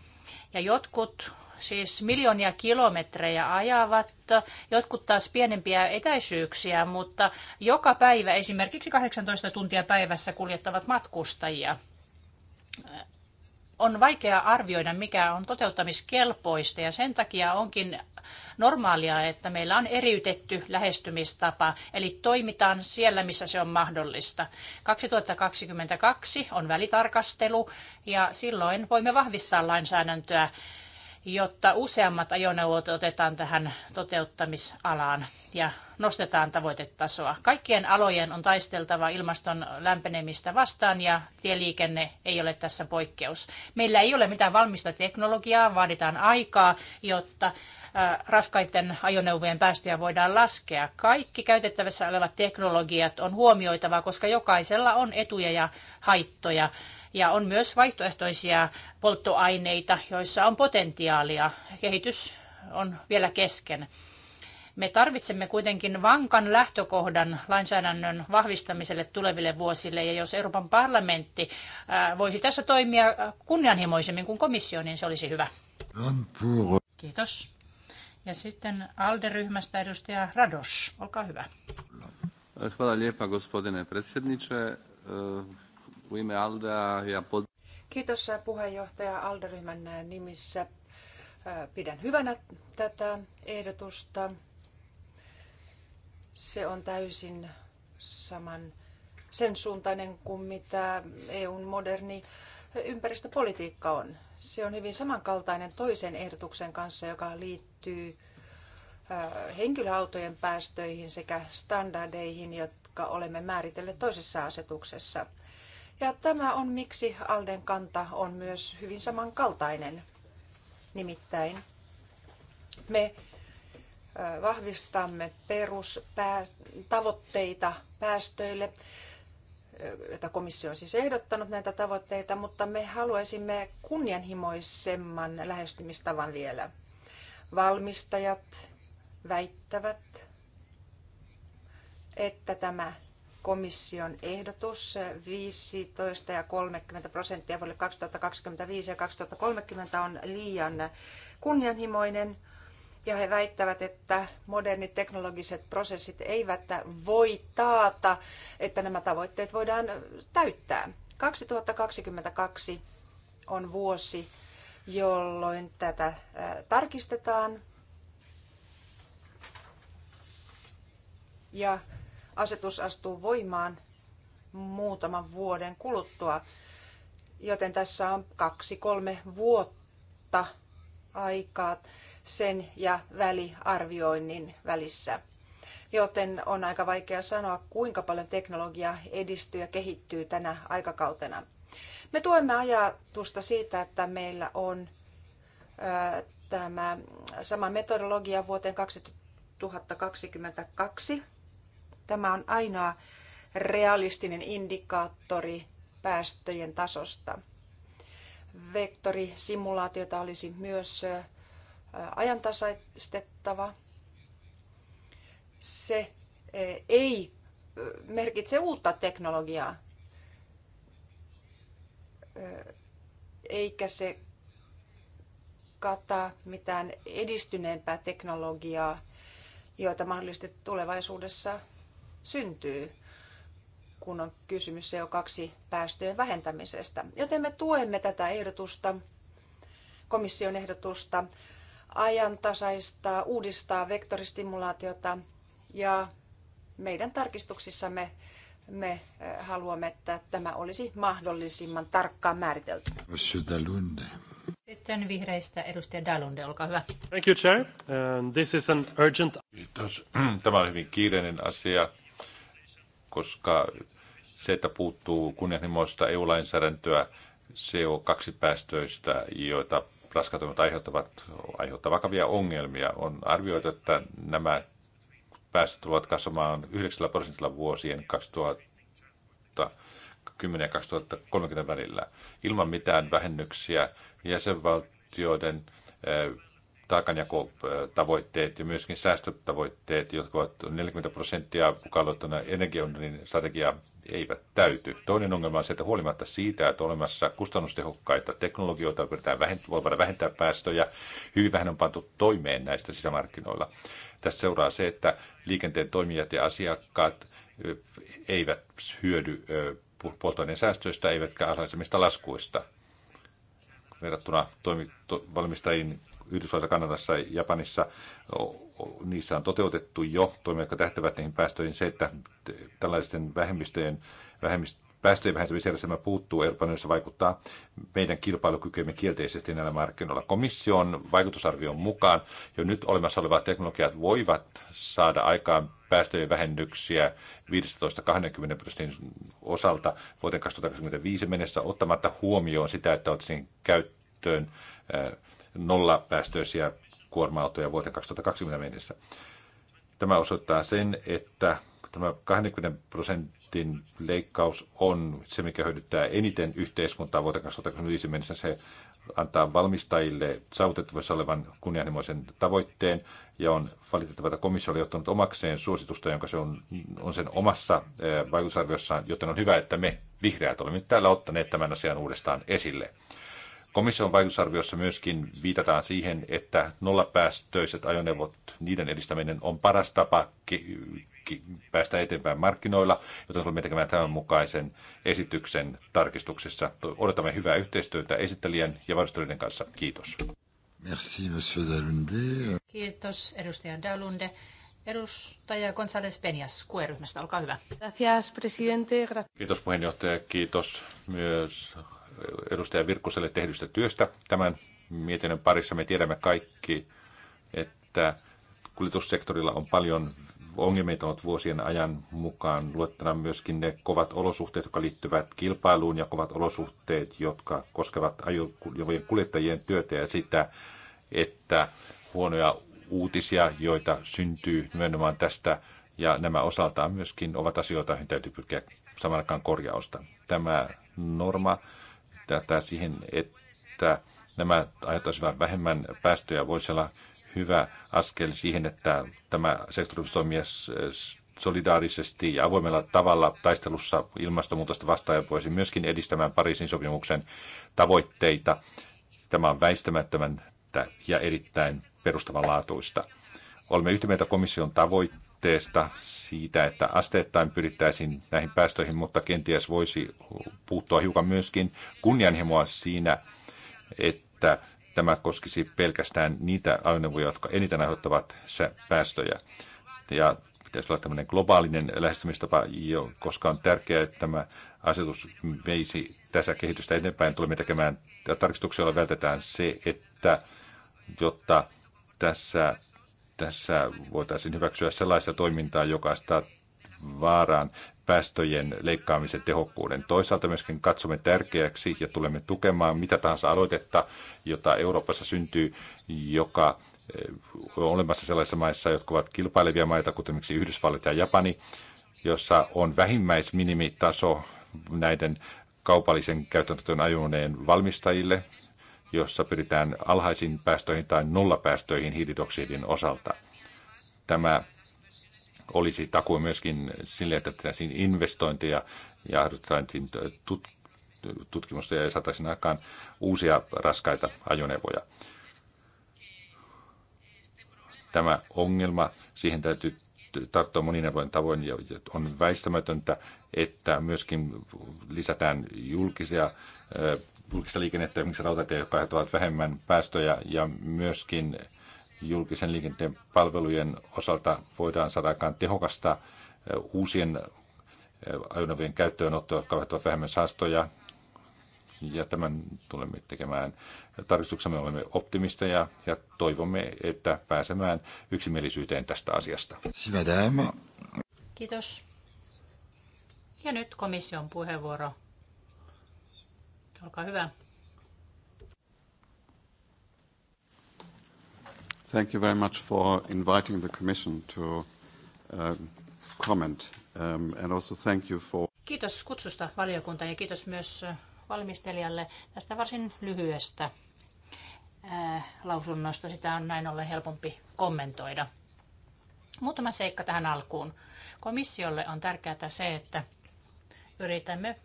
Ja jotkut siis miljoonia kilometrejä ajavat, jotkut taas pienempiä etäisyyksiä, mutta joka päivä esimerkiksi 18 tuntia päivässä kuljettavat matkustajia on vaikea arvioida, mikä on toteuttamiskelpoista ja sen takia onkin normaalia, että meillä on eriytetty lähestymistapa, eli toimitaan siellä, missä se on mahdollista. 2022 on välitarkastelu ja silloin voimme vahvistaa lainsäädäntöä jotta useammat ajoneuvot otetaan tähän toteuttamisalaan ja nostetaan tavoitetasoa. Kaikkien alojen on taisteltava ilmaston lämpenemistä vastaan ja tieliikenne ei ole tässä poikkeus. Meillä ei ole mitään valmista teknologiaa, vaaditaan aikaa, jotta raskaiden ajoneuvojen päästöjä voidaan laskea. Kaikki käytettävissä olevat teknologiat on huomioitava, koska jokaisella on etuja ja haittoja ja on myös vaihtoehtoisia polttoaineita, joissa on potentiaalia. Kehitys on vielä kesken. Me tarvitsemme kuitenkin vankan lähtökohdan lainsäädännön vahvistamiselle tuleville vuosille, ja jos Euroopan parlamentti voisi tässä toimia kunnianhimoisemmin kuin komissio, niin se olisi hyvä. Kiitos. Ja sitten ALDE-ryhmästä edustaja Rados, olkaa hyvä. Hvala lijepa gospodine predsjedniče. Kiitos puheenjohtaja Alderyhmän nimissä. Pidän hyvänä tätä ehdotusta. Se on täysin saman sen suuntainen kuin mitä EUn moderni ympäristöpolitiikka on. Se on hyvin samankaltainen toisen ehdotuksen kanssa, joka liittyy henkilöautojen päästöihin sekä standardeihin, jotka olemme määritelleet toisessa asetuksessa – ja tämä on miksi Alden kanta on myös hyvin samankaltainen. Nimittäin me vahvistamme perustavoitteita päästöille, joita komissio on siis ehdottanut näitä tavoitteita, mutta me haluaisimme kunnianhimoisemman lähestymistavan vielä. Valmistajat väittävät, että tämä komission ehdotus 15 ja 30 prosenttia vuodelle 2025 ja 2030 on liian kunnianhimoinen. Ja he väittävät, että modernit teknologiset prosessit eivät voi taata, että nämä tavoitteet voidaan täyttää. 2022 on vuosi, jolloin tätä tarkistetaan. Ja asetus astuu voimaan muutaman vuoden kuluttua, joten tässä on kaksi-kolme vuotta aikaa sen ja väliarvioinnin välissä. Joten on aika vaikea sanoa, kuinka paljon teknologia edistyy ja kehittyy tänä aikakautena. Me tuemme ajatusta siitä, että meillä on tämä sama metodologia vuoteen 2022 Tämä on ainoa realistinen indikaattori päästöjen tasosta. Vektorisimulaatiota olisi myös ajantasaistettava. Se ei merkitse uutta teknologiaa, eikä se kata mitään edistyneempää teknologiaa, joita mahdollisesti tulevaisuudessa syntyy, kun on kysymys CO2-päästöjen vähentämisestä. Joten me tuemme tätä ehdotusta, komission ehdotusta, ajantasaista, uudistaa vektoristimulaatiota ja meidän tarkistuksissamme me eh, haluamme, että tämä olisi mahdollisimman tarkkaan määritelty. Sitten vihreistä edustaja Dalunde, olkaa hyvä. Thank you, Chair. And this is an urgent... Kiitos. Tämä on hyvin kiireinen asia koska se, että puuttuu kunnianhimoista EU-lainsäädäntöä CO2-päästöistä, joita raskatoimet aiheuttavat, aiheuttavat vakavia ongelmia. On arvioitu, että nämä päästöt tulevat kasvamaan 9 prosentilla vuosien 2010 ja 2030 välillä ilman mitään vähennyksiä jäsenvaltioiden eh, taakanjakotavoitteet ja myöskin säästötavoitteet, jotka ovat 40 prosenttia kalloittuna energiaunionin strategia eivät täyty. Toinen ongelma on se, että huolimatta siitä, että on olemassa kustannustehokkaita teknologioita, joilla voidaan vähentää päästöjä, hyvin vähän on pantu toimeen näistä sisämarkkinoilla. Tässä seuraa se, että liikenteen toimijat ja asiakkaat eivät hyödy polttoaineen säästöistä eivätkä alhaisemmista laskuista verrattuna toimi, to, valmistajiin Yhdysvalloissa, Kanadassa ja Japanissa, niissä on toteutettu jo toimia, jotka tähtävät niihin päästöihin. Se, että tällaisten vähemmistöjen, vähemmist, päästöjen vähentämisjärjestelmä puuttuu Euroopan unionissa, vaikuttaa meidän kilpailukykyemme kielteisesti näillä markkinoilla. Komission vaikutusarvion mukaan jo nyt olemassa olevat teknologiat voivat saada aikaan päästöjen vähennyksiä 15-20 prosentin osalta vuoteen 2025 mennessä ottamatta huomioon sitä, että otetaan käyttöön nollapäästöisiä kuorma-autoja vuoteen 2020 mennessä. Tämä osoittaa sen, että tämä 20 prosentin leikkaus on se, mikä hyödyttää eniten yhteiskuntaa vuoteen 2025 mennessä. Se antaa valmistajille saavutettavissa olevan kunnianhimoisen tavoitteen ja on valitettava, että komissio oli ottanut omakseen suositusta, jonka se on, on sen omassa vaikutusarviossaan, joten on hyvä, että me vihreät olemme täällä ottaneet tämän asian uudestaan esille. Komission vaikutusarviossa myöskin viitataan siihen, että nollapäästöiset ajoneuvot, niiden edistäminen on paras tapa päästä eteenpäin markkinoilla, joten tulemme tekemään tämän mukaisen esityksen tarkistuksessa. Odotamme hyvää yhteistyötä esittelijän ja varustelijoiden kanssa. Kiitos. Merci, monsieur Dalunde. Kiitos, edustaja Dalunde. Edustaja González Peñas, QE-ryhmästä, olkaa hyvä. Gracias, presidente. Kiitos puheenjohtaja, kiitos myös edustaja Virkkoselle tehdystä työstä tämän mietinnön parissa. Me tiedämme kaikki, että kuljetussektorilla on paljon ongelmia ollut vuosien ajan mukaan. Luettuna myöskin ne kovat olosuhteet, jotka liittyvät kilpailuun ja kovat olosuhteet, jotka koskevat ajojen kuljettajien työtä ja sitä, että huonoja uutisia, joita syntyy nimenomaan tästä ja nämä osaltaan myöskin ovat asioita, joihin täytyy pyrkiä samankaan korjausta. Tämä norma tätä siihen, että nämä aiheuttaisivat vähemmän päästöjä, voisi olla hyvä askel siihen, että tämä sektori toimii solidaarisesti ja avoimella tavalla taistelussa ilmastonmuutosta vastaan ja voisi myöskin edistämään Pariisin sopimuksen tavoitteita. Tämä on väistämättömän ja erittäin perustavanlaatuista. Olemme yhtä mieltä komission tavoitteista tavoitteesta siitä, että asteittain pyrittäisiin näihin päästöihin, mutta kenties voisi puuttua hiukan myöskin kunnianhimoa siinä, että tämä koskisi pelkästään niitä ajoneuvoja, jotka eniten aiheuttavat päästöjä. Ja pitäisi olla tämmöinen globaalinen lähestymistapa, jo, koska on tärkeää, että tämä asetus veisi tässä kehitystä eteenpäin. Tulemme tekemään tarkistuksia, joilla vältetään se, että jotta tässä tässä voitaisiin hyväksyä sellaista toimintaa, joka sitä vaaraan päästöjen leikkaamisen tehokkuuden. Toisaalta myöskin katsomme tärkeäksi ja tulemme tukemaan mitä tahansa aloitetta, jota Euroopassa syntyy, joka eh, on olemassa sellaisissa maissa, jotka ovat kilpailevia maita, kuten esimerkiksi Yhdysvallat ja Japani, jossa on vähimmäisminimitaso näiden kaupallisen käytäntöön ajoneen valmistajille jossa pyritään alhaisiin päästöihin tai nollapäästöihin hiilidioksidin osalta. Tämä olisi takuu myöskin sille, että tehtäisiin investointeja ja harjoitettaisiin tutkimusta ja saataisiin aikaan uusia raskaita ajoneuvoja. Tämä ongelma, siihen täytyy tarttua monin tavoin ja on väistämätöntä, että myöskin lisätään julkisia julkista liikennettä, esimerkiksi rautatie, jotka aiheuttavat vähemmän päästöjä ja myöskin julkisen liikenteen palvelujen osalta voidaan saada aikaan tehokasta uusien ajoneuvojen käyttöönottoa, jotka aiheuttavat vähemmän saastoja. Ja tämän tulemme tekemään tarkistuksemme. Olemme optimisteja ja toivomme, että pääsemään yksimielisyyteen tästä asiasta. Kiitos. Ja nyt komission puheenvuoro. Olkaa hyvä. Thank you very much for inviting the commission to um, comment um, and also thank you for Kiitos kutsusta valiokunta ja kiitos myös valmistelijalle tästä varsin lyhyestä ää, uh, lausunnosta. Sitä on näin ollen helpompi kommentoida. Muutama seikka tähän alkuun. Komissiolle on tärkeää se, että yritämme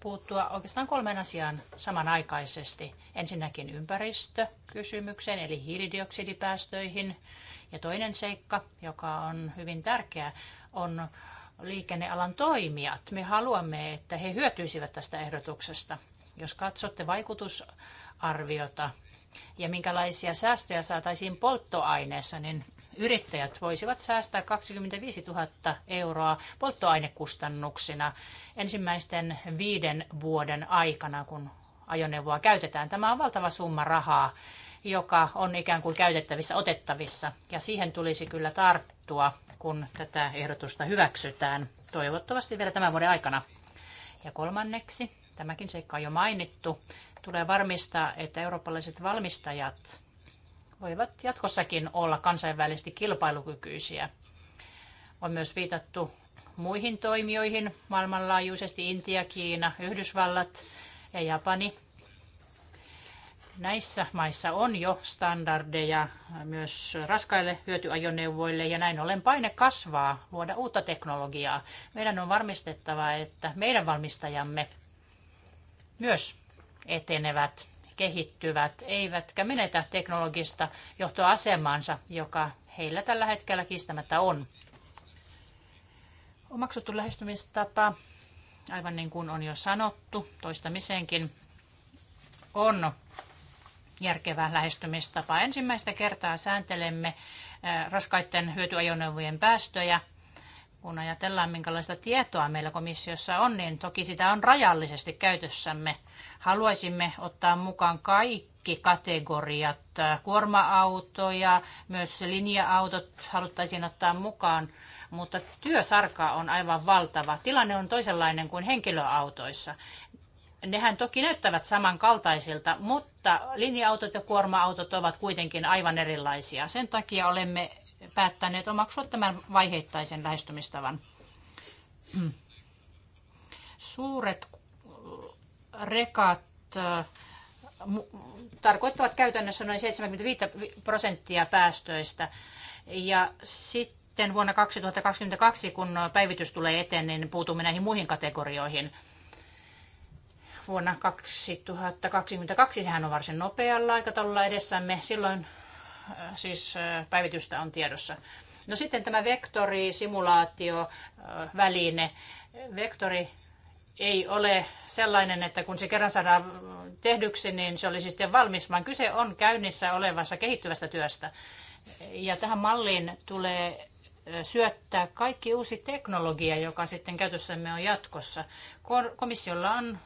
puuttua oikeastaan kolmeen asiaan samanaikaisesti. Ensinnäkin ympäristökysymykseen eli hiilidioksidipäästöihin. Ja toinen seikka, joka on hyvin tärkeä, on liikennealan toimijat. Me haluamme, että he hyötyisivät tästä ehdotuksesta. Jos katsotte vaikutusarviota ja minkälaisia säästöjä saataisiin polttoaineessa, niin yrittäjät voisivat säästää 25 000 euroa polttoainekustannuksina ensimmäisten viiden vuoden aikana, kun ajoneuvoa käytetään. Tämä on valtava summa rahaa, joka on ikään kuin käytettävissä, otettavissa, ja siihen tulisi kyllä tarttua, kun tätä ehdotusta hyväksytään, toivottavasti vielä tämän vuoden aikana. Ja kolmanneksi, tämäkin seikka on jo mainittu, tulee varmistaa, että eurooppalaiset valmistajat voivat jatkossakin olla kansainvälisesti kilpailukykyisiä. On myös viitattu muihin toimijoihin maailmanlaajuisesti, Intia, Kiina, Yhdysvallat ja Japani. Näissä maissa on jo standardeja myös raskaille hyötyajoneuvoille ja näin ollen paine kasvaa luoda uutta teknologiaa. Meidän on varmistettava, että meidän valmistajamme myös etenevät kehittyvät, eivätkä menetä teknologista johtoasemaansa, joka heillä tällä hetkellä kiistämättä on. Omaksuttu lähestymistapa, aivan niin kuin on jo sanottu toistamiseenkin, on järkevää lähestymistapa. Ensimmäistä kertaa sääntelemme eh, raskaiden hyötyajoneuvojen päästöjä – kun ajatellaan, minkälaista tietoa meillä komissiossa on, niin toki sitä on rajallisesti käytössämme. Haluaisimme ottaa mukaan kaikki kategoriat, kuorma-autoja, myös linja-autot haluttaisiin ottaa mukaan, mutta työsarka on aivan valtava. Tilanne on toisenlainen kuin henkilöautoissa. Nehän toki näyttävät samankaltaisilta, mutta linja-autot ja kuorma-autot ovat kuitenkin aivan erilaisia. Sen takia olemme päättäneet omaksua tämän vaiheittaisen lähestymistavan. Suuret rekat äh, tarkoittavat käytännössä noin 75 prosenttia päästöistä. Ja sitten vuonna 2022, kun päivitys tulee eteen, niin puutumme näihin muihin kategorioihin. Vuonna 2022 sehän on varsin nopealla aikataululla edessämme. Silloin Äh, siis äh, päivitystä on tiedossa. No sitten tämä vektori-simulaatio väline Vektori ei ole sellainen, että kun se kerran saadaan tehdyksi, niin se olisi siis sitten valmis, vaan kyse on käynnissä olevassa kehittyvästä työstä. Ja tähän malliin tulee äh, syöttää kaikki uusi teknologia, joka sitten käytössämme on jatkossa. Komissiolla on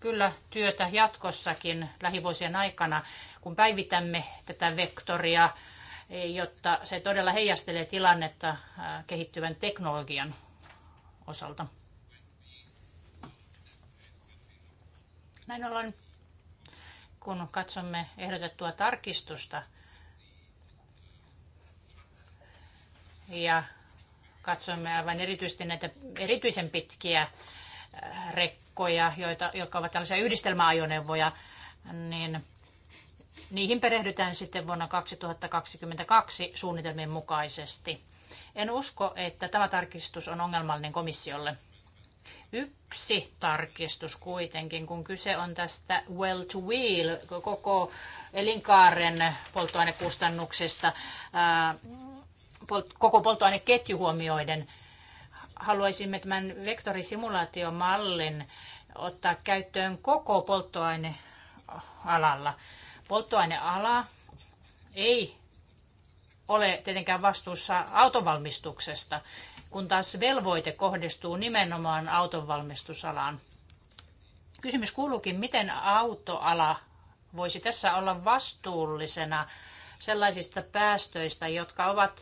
kyllä työtä jatkossakin lähivuosien aikana, kun päivitämme tätä vektoria, eh, jotta se todella heijastelee tilannetta eh, kehittyvän teknologian osalta. Näin ollen, kun katsomme ehdotettua tarkistusta ja katsomme aivan erityisesti näitä erityisen pitkiä rekkoja, eh, rekkoja, joita, jotka ovat tällaisia yhdistelmäajoneuvoja, niin niihin perehdytään sitten vuonna 2022 suunnitelmien mukaisesti. En usko, että tämä tarkistus on ongelmallinen komissiolle. Yksi tarkistus kuitenkin, kun kyse on tästä well to wheel, koko elinkaaren polttoainekustannuksista, koko polttoaineketju huomioiden – haluaisimme tämän vektorisimulaatiomallin ottaa käyttöön koko polttoainealalla. Polttoaineala ei ole tietenkään vastuussa autonvalmistuksesta, kun taas velvoite kohdistuu nimenomaan autonvalmistusalaan. Kysymys kuuluukin, miten autoala voisi tässä olla vastuullisena sellaisista päästöistä, jotka ovat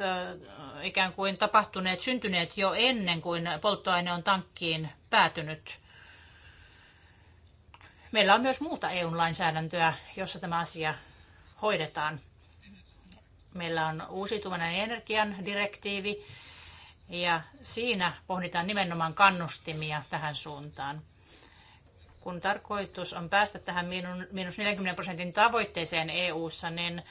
ikään kuin tapahtuneet, syntyneet jo ennen kuin polttoaine on tankkiin päätynyt. Meillä on myös muuta EU-lainsäädäntöä, jossa tämä asia hoidetaan. Meillä on uusiutuvan energian direktiivi ja siinä pohditaan nimenomaan kannustimia tähän suuntaan kun tarkoitus on päästä tähän miinus 40 prosentin tavoitteeseen EU-ssa, niin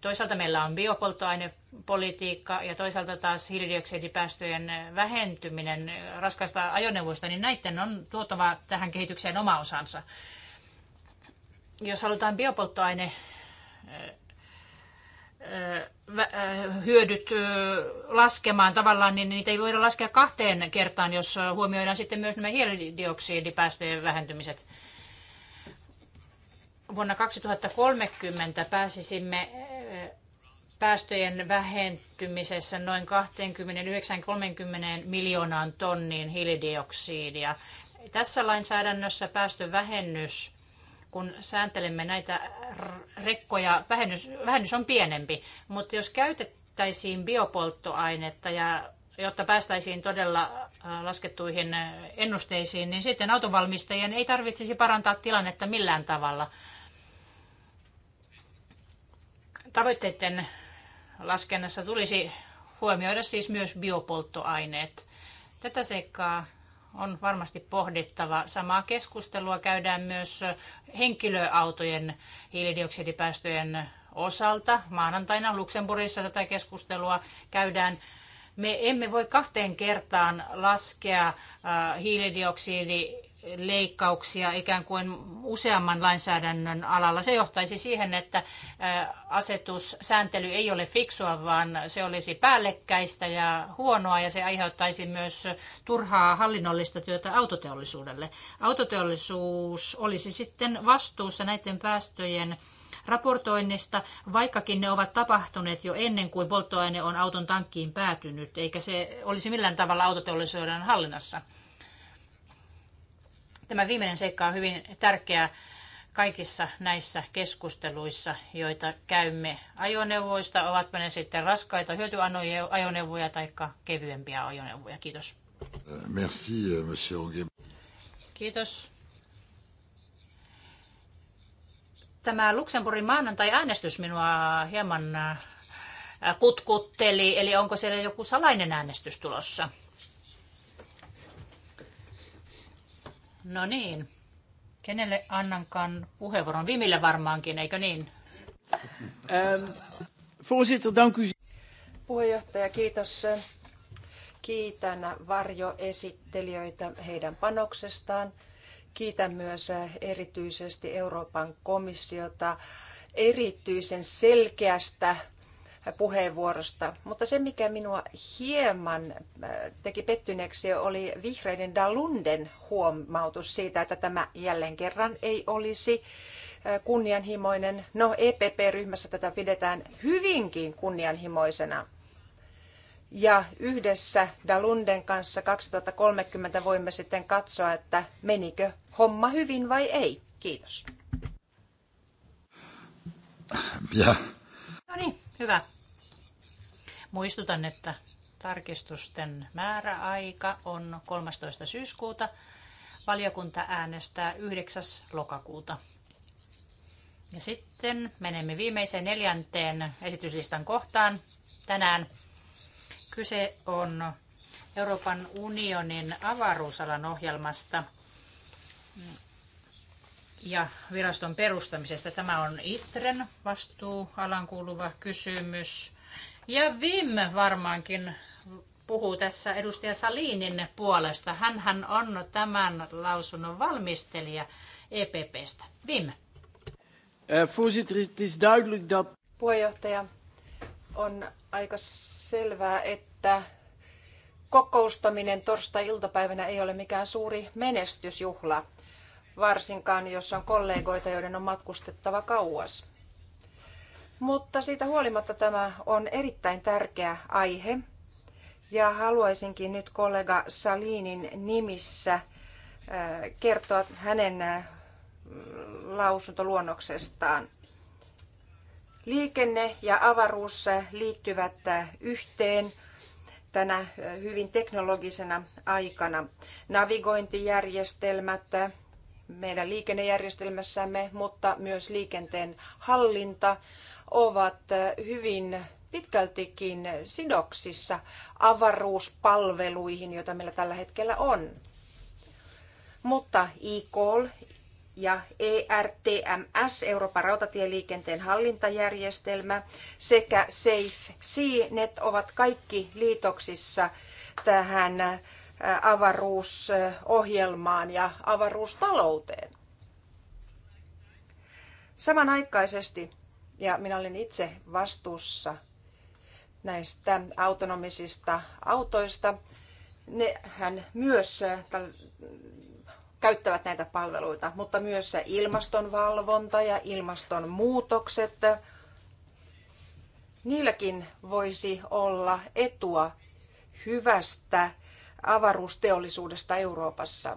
Toisaalta meillä on biopolttoainepolitiikka ja toisaalta taas hiilidioksidipäästöjen vähentyminen raskaista ajoneuvoista, niin näiden on tuotava tähän kehitykseen oma osansa. Jos halutaan biopolttoaine hyödyt laskemaan tavallaan, niin niitä ei voida laskea kahteen kertaan, jos huomioidaan sitten myös nämä hiilidioksidipäästöjen vähentymiset vuonna 2030 pääsisimme eh, päästöjen vähentymisessä noin 29-30 miljoonaan tonniin hiilidioksidia. Tässä lainsäädännössä päästövähennys, kun sääntelemme näitä rekkoja, vähennys, vähennys on pienempi, mutta jos käytettäisiin biopolttoainetta ja jotta päästäisiin todella eh, laskettuihin ennusteisiin, niin sitten autovalmistajien ei tarvitsisi parantaa tilannetta millään tavalla. Tavoitteiden laskennassa tulisi huomioida siis myös biopolttoaineet. Tätä seikkaa on varmasti pohdittava. Samaa keskustelua käydään myös henkilöautojen hiilidioksidipäästöjen osalta. Maanantaina Luxemburgissa tätä keskustelua käydään. Me emme voi kahteen kertaan laskea äh, hiilidioksidi leikkauksia ikään kuin useamman lainsäädännön alalla. Se johtaisi siihen, että asetussääntely ei ole fiksua, vaan se olisi päällekkäistä ja huonoa ja se aiheuttaisi myös turhaa hallinnollista työtä autoteollisuudelle. Autoteollisuus olisi sitten vastuussa näiden päästöjen raportoinnista, vaikkakin ne ovat tapahtuneet jo ennen kuin polttoaine on auton tankkiin päätynyt, eikä se olisi millään tavalla autoteollisuuden hallinnassa. Tämä viimeinen seikka on hyvin tärkeä kaikissa näissä keskusteluissa, joita käymme ajoneuvoista, ovat ne sitten raskaita hyötyajoneuvoja tai kevyempiä ajoneuvoja. Kiitos. Merci, euh, monsieur Onge. Kiitos. Tämä Luxemburgin maanantai-äänestys minua hieman äh, äh, kutkutteli, eli onko siellä joku salainen äänestys tulossa? No niin. Kenelle annankaan puheenvuoron? Vimille varmaankin, eikö niin? Ähm, voorzitter, dank u. Puheenjohtaja, kiitos. Kiitän varjoesittelijöitä heidän panoksestaan. Kiitän myös erityisesti Euroopan komissiota erityisen selkeästä puheenvuorosta. Mutta se, mikä minua hieman äh, teki pettyneeksi, oli vihreiden Dalunden huomautus siitä, että tämä jälleen kerran ei olisi äh, kunnianhimoinen. No, EPP-ryhmässä tätä pidetään hyvinkin kunnianhimoisena. Ja yhdessä Dalunden kanssa 2030 voimme sitten katsoa, että menikö homma hyvin vai ei. Kiitos. Yeah. No niin. Hyvä. Muistutan, että tarkistusten määräaika on 13. syyskuuta. Valiokunta äänestää 9. lokakuuta. Ja sitten menemme viimeiseen neljänteen esityslistan kohtaan tänään. Kyse on Euroopan unionin avaruusalan ohjelmasta ja viraston perustamisesta. Tämä on ITREN vastuualan kuuluva kysymys. Ja Vim varmaankin puhuu tässä edustaja Salinin puolesta. hän on tämän lausunnon valmistelija EPPstä. Vim. Eh, Puheenjohtaja, on aika selvää, että kokoustaminen torstai-iltapäivänä ei ole mikään suuri menestysjuhla varsinkaan jos on kollegoita, joiden on matkustettava kauas. Mutta siitä huolimatta tämä on erittäin tärkeä aihe. Ja haluaisinkin nyt kollega Salinin nimissä äh, kertoa hänen äh, lausuntoluonnoksestaan. Liikenne ja avaruus liittyvät äh, yhteen tänä hyvin teknologisena aikana. Navigointijärjestelmät, meidän liikennejärjestelmässämme, mutta myös liikenteen hallinta ovat hyvin pitkältikin sidoksissa avaruuspalveluihin, joita meillä tällä hetkellä on. Mutta e ja ERTMS, Euroopan rautatieliikenteen hallintajärjestelmä, sekä SAFE-SeaNet ovat kaikki liitoksissa tähän avaruusohjelmaan ja avaruustalouteen. Samanaikaisesti, ja minä olin itse vastuussa näistä autonomisista autoista, nehän myös käyttävät näitä palveluita, mutta myös ilmastonvalvonta ja ilmastonmuutokset. Niilläkin voisi olla etua hyvästä avaruusteollisuudesta Euroopassa.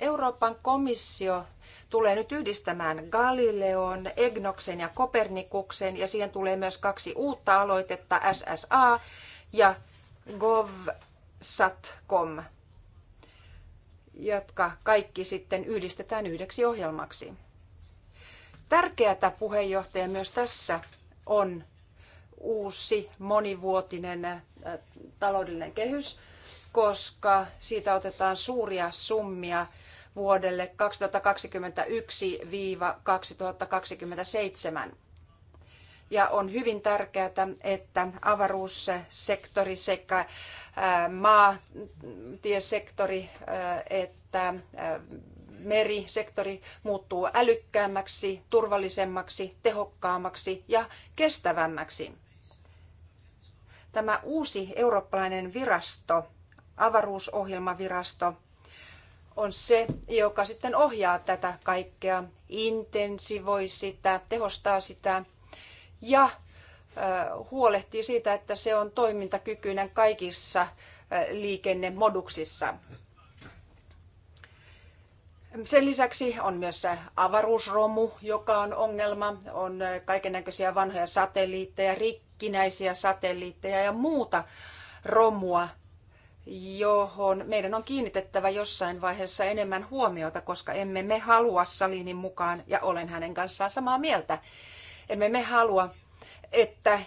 Euroopan komissio tulee nyt yhdistämään Galileon, Egnoksen ja Kopernikuksen ja siihen tulee myös kaksi uutta aloitetta SSA ja GovSatcom, jotka kaikki sitten yhdistetään yhdeksi ohjelmaksi. Tärkeätä puheenjohtaja myös tässä on uusi monivuotinen taloudellinen kehys, koska siitä otetaan suuria summia vuodelle 2021-2027. Ja on hyvin tärkeää, että avaruussektori sekä maatiesektori että merisektori muuttuu älykkäämmäksi, turvallisemmaksi, tehokkaammaksi ja kestävämmäksi. Tämä uusi eurooppalainen virasto avaruusohjelmavirasto on se, joka sitten ohjaa tätä kaikkea, intensivoi sitä, tehostaa sitä ja huolehtii siitä, että se on toimintakykyinen kaikissa liikennemoduksissa. Sen lisäksi on myös avaruusromu, joka on ongelma. On kaikennäköisiä vanhoja satelliitteja, rikkinäisiä satelliitteja ja muuta romua, johon meidän on kiinnitettävä jossain vaiheessa enemmän huomiota, koska emme me halua Salinin mukaan, ja olen hänen kanssaan samaa mieltä, emme me halua, että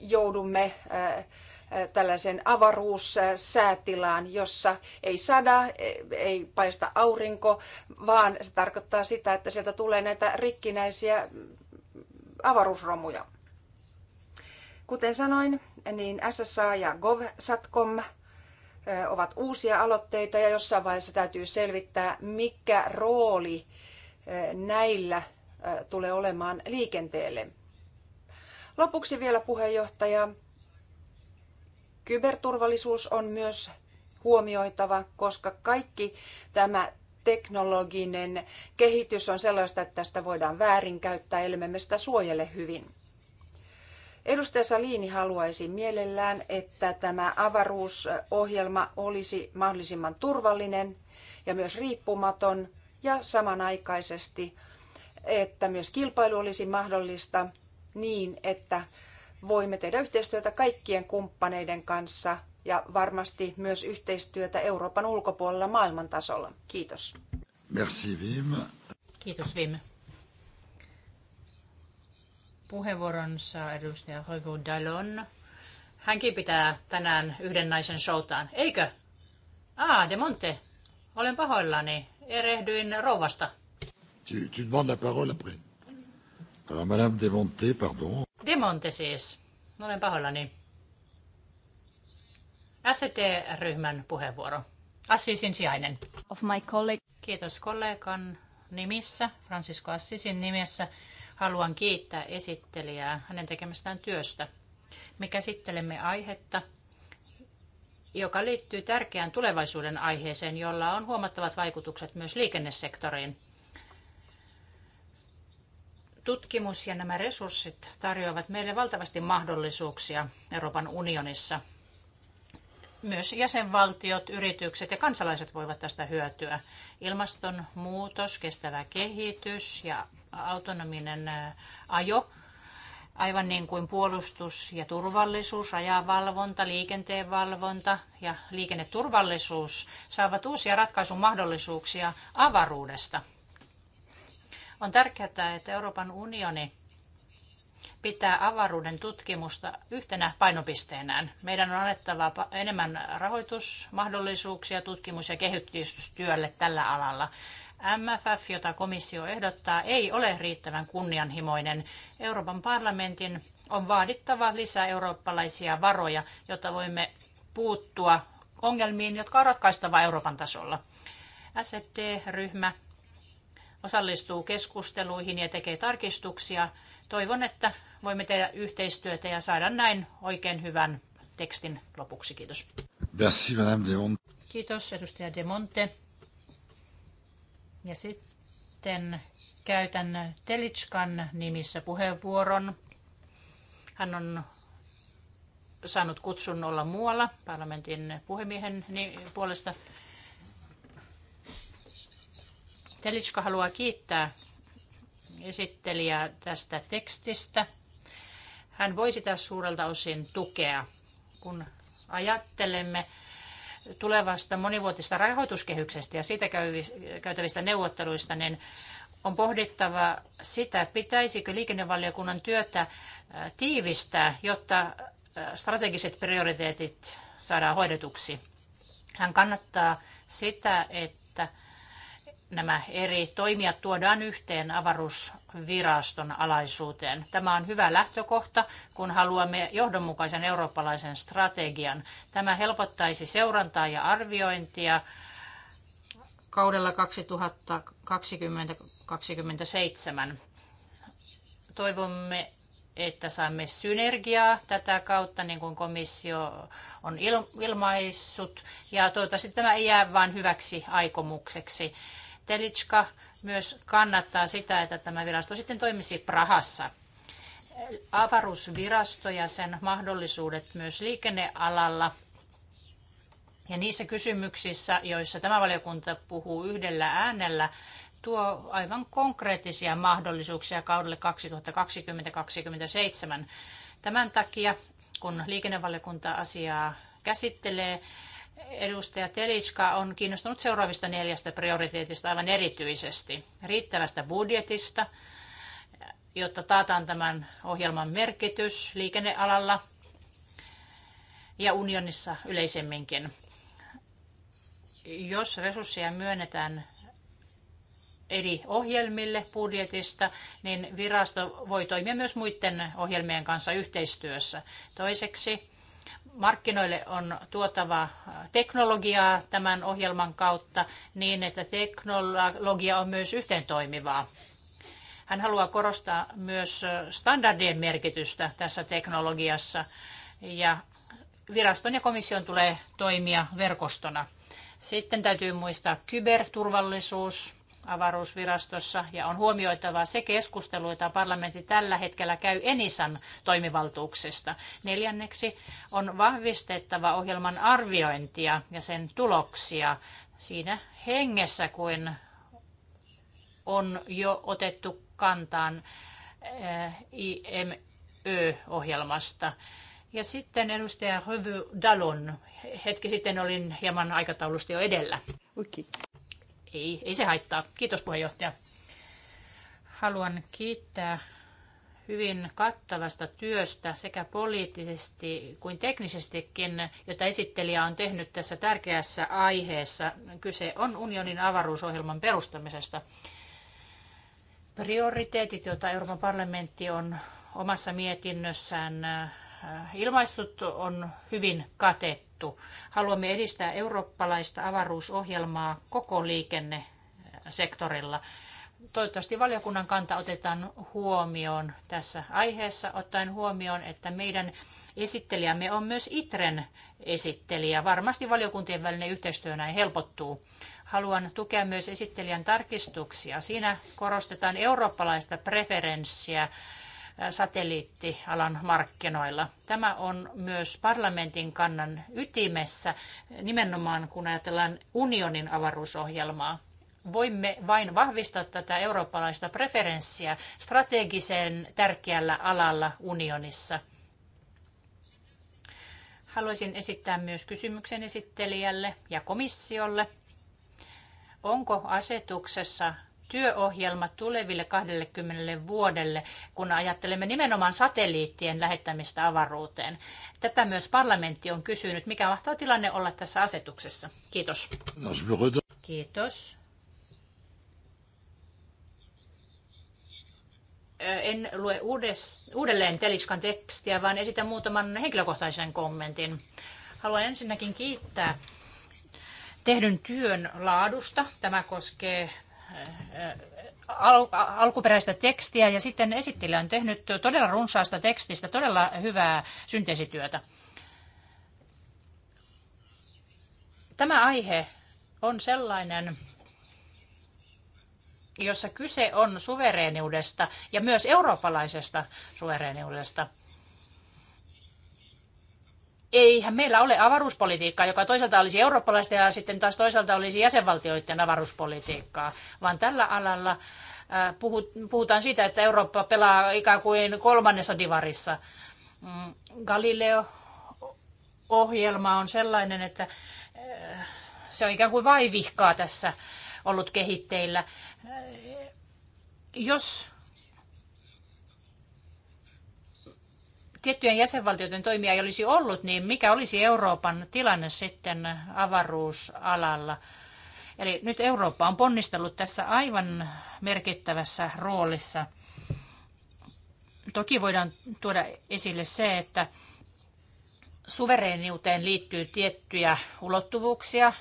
joudumme äh, äh, tällaisen avaruussäätilaan, jossa ei sada, eh, ei paista aurinko, vaan se tarkoittaa sitä, että sieltä tulee näitä rikkinäisiä mm, avaruusromuja. Kuten sanoin, niin SSA ja GovSatcom ovat uusia aloitteita ja jossain vaiheessa täytyy selvittää, mikä rooli näillä tulee olemaan liikenteelle. Lopuksi vielä puheenjohtaja. Kyberturvallisuus on myös huomioitava, koska kaikki tämä teknologinen kehitys on sellaista, että tästä voidaan väärinkäyttää, ellei me sitä suojele hyvin. Edustaja Salini haluaisi mielellään, että tämä avaruusohjelma olisi mahdollisimman turvallinen ja myös riippumaton ja samanaikaisesti, että myös kilpailu olisi mahdollista niin, että voimme tehdä yhteistyötä kaikkien kumppaneiden kanssa ja varmasti myös yhteistyötä Euroopan ulkopuolella maailman tasolla. Kiitos. Merci, Vim. Kiitos, Vim puheenvuoronsa edustaja Hoivu Dalon. Hänkin pitää tänään yhden naisen showtaan, eikö? Ah, De Monte. Olen pahoillani. Erehdyin rouvasta. Tu, tu demandes la parole après. Alors, Madame De Monte, pardon. De Monte siis. Olen pahoillani. ST-ryhmän puheenvuoro. Assisin sijainen. Of my colleague. Kiitos kollegan nimissä, Francisco Assisin nimessä. Haluan kiittää esittelijää hänen tekemästään työstä. Me käsittelemme aihetta, joka liittyy tärkeään tulevaisuuden aiheeseen, jolla on huomattavat vaikutukset myös liikennesektoriin. Tutkimus ja nämä resurssit tarjoavat meille valtavasti mahdollisuuksia Euroopan unionissa – myös jäsenvaltiot, yritykset ja kansalaiset voivat tästä hyötyä. Ilmastonmuutos, kestävä kehitys ja autonominen ajo, aivan niin kuin puolustus ja turvallisuus, rajavalvonta, liikenteen valvonta ja liikenneturvallisuus saavat uusia ratkaisumahdollisuuksia avaruudesta. On tärkeää, että Euroopan unioni pitää avaruuden tutkimusta yhtenä painopisteenään. Meidän on annettava enemmän rahoitusmahdollisuuksia tutkimus- ja kehitystyölle tällä alalla. MFF, jota komissio ehdottaa, ei ole riittävän kunnianhimoinen. Euroopan parlamentin on vaadittava lisää eurooppalaisia varoja, jotta voimme puuttua ongelmiin, jotka on ratkaistava Euroopan tasolla. SFD-ryhmä osallistuu keskusteluihin ja tekee tarkistuksia. Toivon, että voimme tehdä yhteistyötä ja saada näin oikein hyvän tekstin lopuksi. Kiitos. Merci, Madame de Monte. Kiitos, edustaja De Monte. Ja sitten käytän Telitskan nimissä puheenvuoron. Hän on saanut kutsun olla muualla parlamentin puhemiehen puolesta. Telitska haluaa kiittää esittelijää tästä tekstistä hän voi sitä suurelta osin tukea, kun ajattelemme tulevasta monivuotista rahoituskehyksestä ja siitä käytävistä neuvotteluista, niin on pohdittava sitä, pitäisikö liikennevaliokunnan työtä tiivistää, jotta strategiset prioriteetit saadaan hoidetuksi. Hän kannattaa sitä, että nämä eri toimijat tuodaan yhteen avaruusviraston alaisuuteen. Tämä on hyvä lähtökohta, kun haluamme johdonmukaisen eurooppalaisen strategian. Tämä helpottaisi seurantaa ja arviointia kaudella 2020-2027. Toivomme, että saamme synergiaa tätä kautta, niin kuin komissio on ilmaissut. Ja toivottavasti tämä ei jää vain hyväksi aikomukseksi. Telitska myös kannattaa sitä, että tämä virasto sitten toimisi Prahassa. Avaruusvirasto ja sen mahdollisuudet myös liikennealalla ja niissä kysymyksissä, joissa tämä valiokunta puhuu yhdellä äänellä, tuo aivan konkreettisia mahdollisuuksia kaudelle 2020-2027. Tämän takia, kun liikennevaliokunta asiaa käsittelee, edustaja Telitska on kiinnostunut seuraavista neljästä prioriteetista aivan erityisesti. Riittävästä budjetista, jotta taataan tämän ohjelman merkitys liikennealalla ja unionissa yleisemminkin. Jos resursseja myönnetään eri ohjelmille budjetista, niin virasto voi toimia myös muiden ohjelmien kanssa yhteistyössä. Toiseksi markkinoille on tuotava äh, teknologiaa tämän ohjelman kautta niin, että teknologia on myös yhteentoimivaa. Hän haluaa korostaa myös äh, standardien merkitystä tässä teknologiassa ja viraston ja komission tulee toimia verkostona. Sitten täytyy muistaa kyberturvallisuus, avaruusvirastossa ja on huomioitava se keskustelu, jota parlamentti tällä hetkellä käy Enisan toimivaltuuksista. Neljänneksi on vahvistettava ohjelman arviointia ja sen tuloksia siinä hengessä, kuin on jo otettu kantaan eh, IMÖ-ohjelmasta. Ja sitten edustaja Hyvy Dalon. Hetki sitten olin hieman aikataulusta jo edellä. Okay. Ei, ei se haittaa. Kiitos puheenjohtaja. Haluan kiittää hyvin kattavasta työstä sekä poliittisesti kuin teknisestikin, jota esittelijä on tehnyt tässä tärkeässä aiheessa. Kyse on unionin avaruusohjelman perustamisesta. Prioriteetit, joita Euroopan parlamentti on omassa mietinnössään ilmaissut, on hyvin katettu. Haluamme edistää eurooppalaista avaruusohjelmaa koko liikennesektorilla. Toivottavasti valiokunnan kanta otetaan huomioon tässä aiheessa, ottaen huomioon, että meidän esittelijämme on myös ITREN esittelijä. Varmasti valiokuntien välinen yhteistyö näin helpottuu. Haluan tukea myös esittelijän tarkistuksia. Siinä korostetaan eurooppalaista preferenssiä satelliittialan markkinoilla. Tämä on myös parlamentin kannan ytimessä, nimenomaan kun ajatellaan unionin avaruusohjelmaa. Voimme vain vahvistaa tätä eurooppalaista preferenssiä strategisen tärkeällä alalla unionissa. Haluaisin esittää myös kysymyksen esittelijälle ja komissiolle. Onko asetuksessa työohjelma tuleville 20 vuodelle, kun ajattelemme nimenomaan satelliittien lähettämistä avaruuteen. Tätä myös parlamentti on kysynyt. Mikä mahtaa tilanne olla tässä asetuksessa? Kiitos. Kiitos. En lue uudelleen Teliskan tekstiä, vaan esitän muutaman henkilökohtaisen kommentin. Haluan ensinnäkin kiittää tehdyn työn laadusta. Tämä koskee Äh, äh, al- äh, alkuperäistä tekstiä ja sitten esittelijä on tehnyt todella runsaasta tekstistä todella hyvää synteesityötä. Tämä aihe on sellainen, jossa kyse on suvereeniudesta ja myös eurooppalaisesta suvereeniudesta – eihän meillä ole avaruuspolitiikkaa, joka toisaalta olisi eurooppalaista ja sitten taas toisaalta olisi jäsenvaltioiden avaruuspolitiikkaa, vaan tällä alalla äh, puhutaan siitä, että Eurooppa pelaa ikään kuin kolmannessa divarissa. Mm, Galileo-ohjelma on sellainen, että äh, se on ikään kuin vaivihkaa tässä ollut kehitteillä. Äh, jos tiettyjen jäsenvaltioiden toimia ei olisi ollut, niin mikä olisi Euroopan tilanne sitten avaruusalalla? Eli nyt Eurooppa on ponnistellut tässä aivan merkittävässä roolissa. Toki voidaan tuoda esille se, että suvereeniuteen liittyy tiettyjä ulottuvuuksia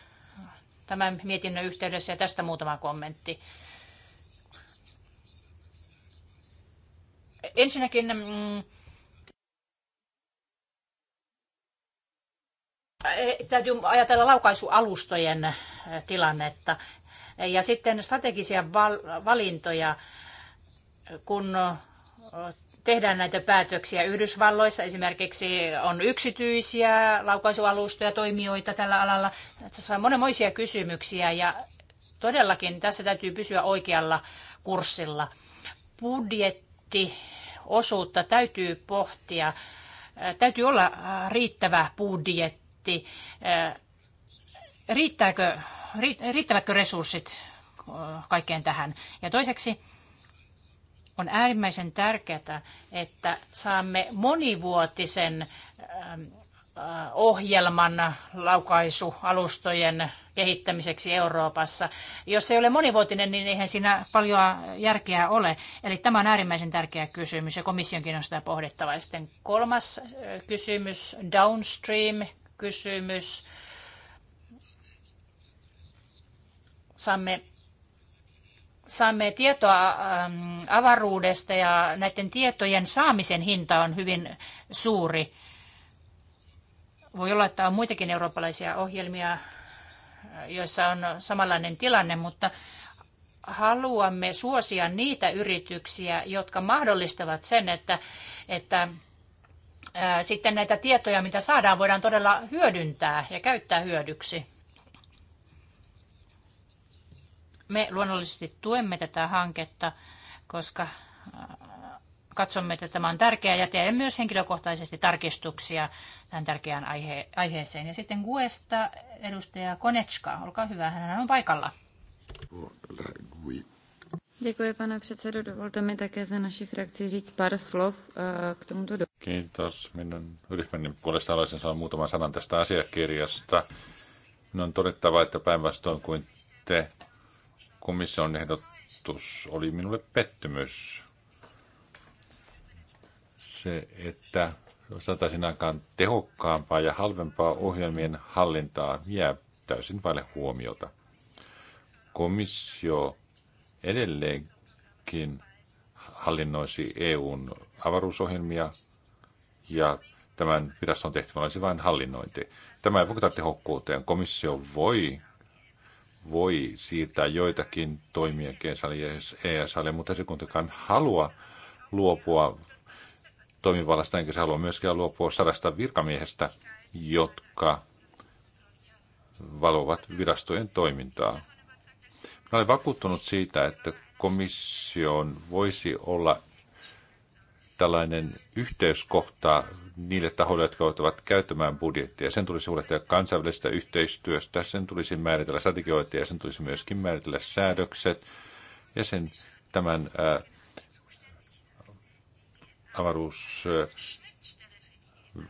tämän mietinnön yhteydessä ja tästä muutama kommentti. Ensinnäkin mm, Eh, täytyy ajatella laukaisualustojen eh, tilannetta ja sitten strategisia valintoja, kun eh, tehdään näitä päätöksiä Yhdysvalloissa. Esimerkiksi on yksityisiä laukaisualustoja, toimijoita tällä alalla. Tässä on monenmoisia kysymyksiä ja todellakin tässä täytyy pysyä oikealla kurssilla. Budjettiosuutta täytyy pohtia. Täytyy olla äh, riittävä budjetti budjetti, eh, riittääkö, riittävätkö resurssit eh, kaikkeen tähän? Ja toiseksi on äärimmäisen tärkeää, että saamme monivuotisen eh, ohjelman laukaisualustojen kehittämiseksi Euroopassa. Jos se ei ole monivuotinen, niin eihän siinä paljon järkeä ole. Eli tämä on äärimmäisen tärkeä kysymys ja komissionkin on sitä pohdittava. Ja sitten kolmas kysymys, downstream kysymys. Saamme saamme tietoa ähm, avaruudesta ja näiden tietojen saamisen hinta on hyvin suuri. Voi olla, että on muitakin eurooppalaisia ohjelmia, äh, joissa on samanlainen tilanne, mutta haluamme suosia niitä yrityksiä, jotka mahdollistavat sen, että, että sitten näitä tietoja, mitä saadaan, voidaan todella hyödyntää ja käyttää hyödyksi. Me luonnollisesti tuemme tätä hanketta, koska katsomme, että tämä on tärkeää ja teemme myös henkilökohtaisesti tarkistuksia tähän tärkeään aihe- aiheeseen. Ja sitten Guesta edustaja Konechka, olkaa hyvä, hän on paikalla. Děkuji, pane předsedo. Dovolte mi také za naši frakci říct pár slov eh, k tomuto do... Kiitos. Minun ryhmäni puolesta haluaisin sanoa muutaman sanan tästä asiakirjasta. Minun on todettava, että päinvastoin kuin te, komission ehdotus oli minulle pettymys. Se, että saataisiin aikaan tehokkaampaa ja halvempaa ohjelmien hallintaa, jää täysin vaille huomiota. Komissio edelleenkin hallinnoisi EUn avaruusohjelmia ja tämän viraston tehtävä olisi vain hallinnointi. Tämä ei vaikuta tehokkuuteen. Komissio voi, voi siirtää joitakin toimia GSL ja ESL, mutta se kuitenkaan halua luopua toimivallasta, enkä se halua myöskään luopua sadasta virkamiehestä, jotka valvovat virastojen toimintaa. Minä olen vakuuttunut siitä, että komission voisi olla tällainen yhteyskohta niille tahoille, jotka joutuvat käyttämään budjettia. Sen tulisi huolehtia kansainvälisestä yhteistyöstä, sen tulisi määritellä strategioita ja sen tulisi myöskin määritellä säädökset. Ja sen tämän ää, avaruus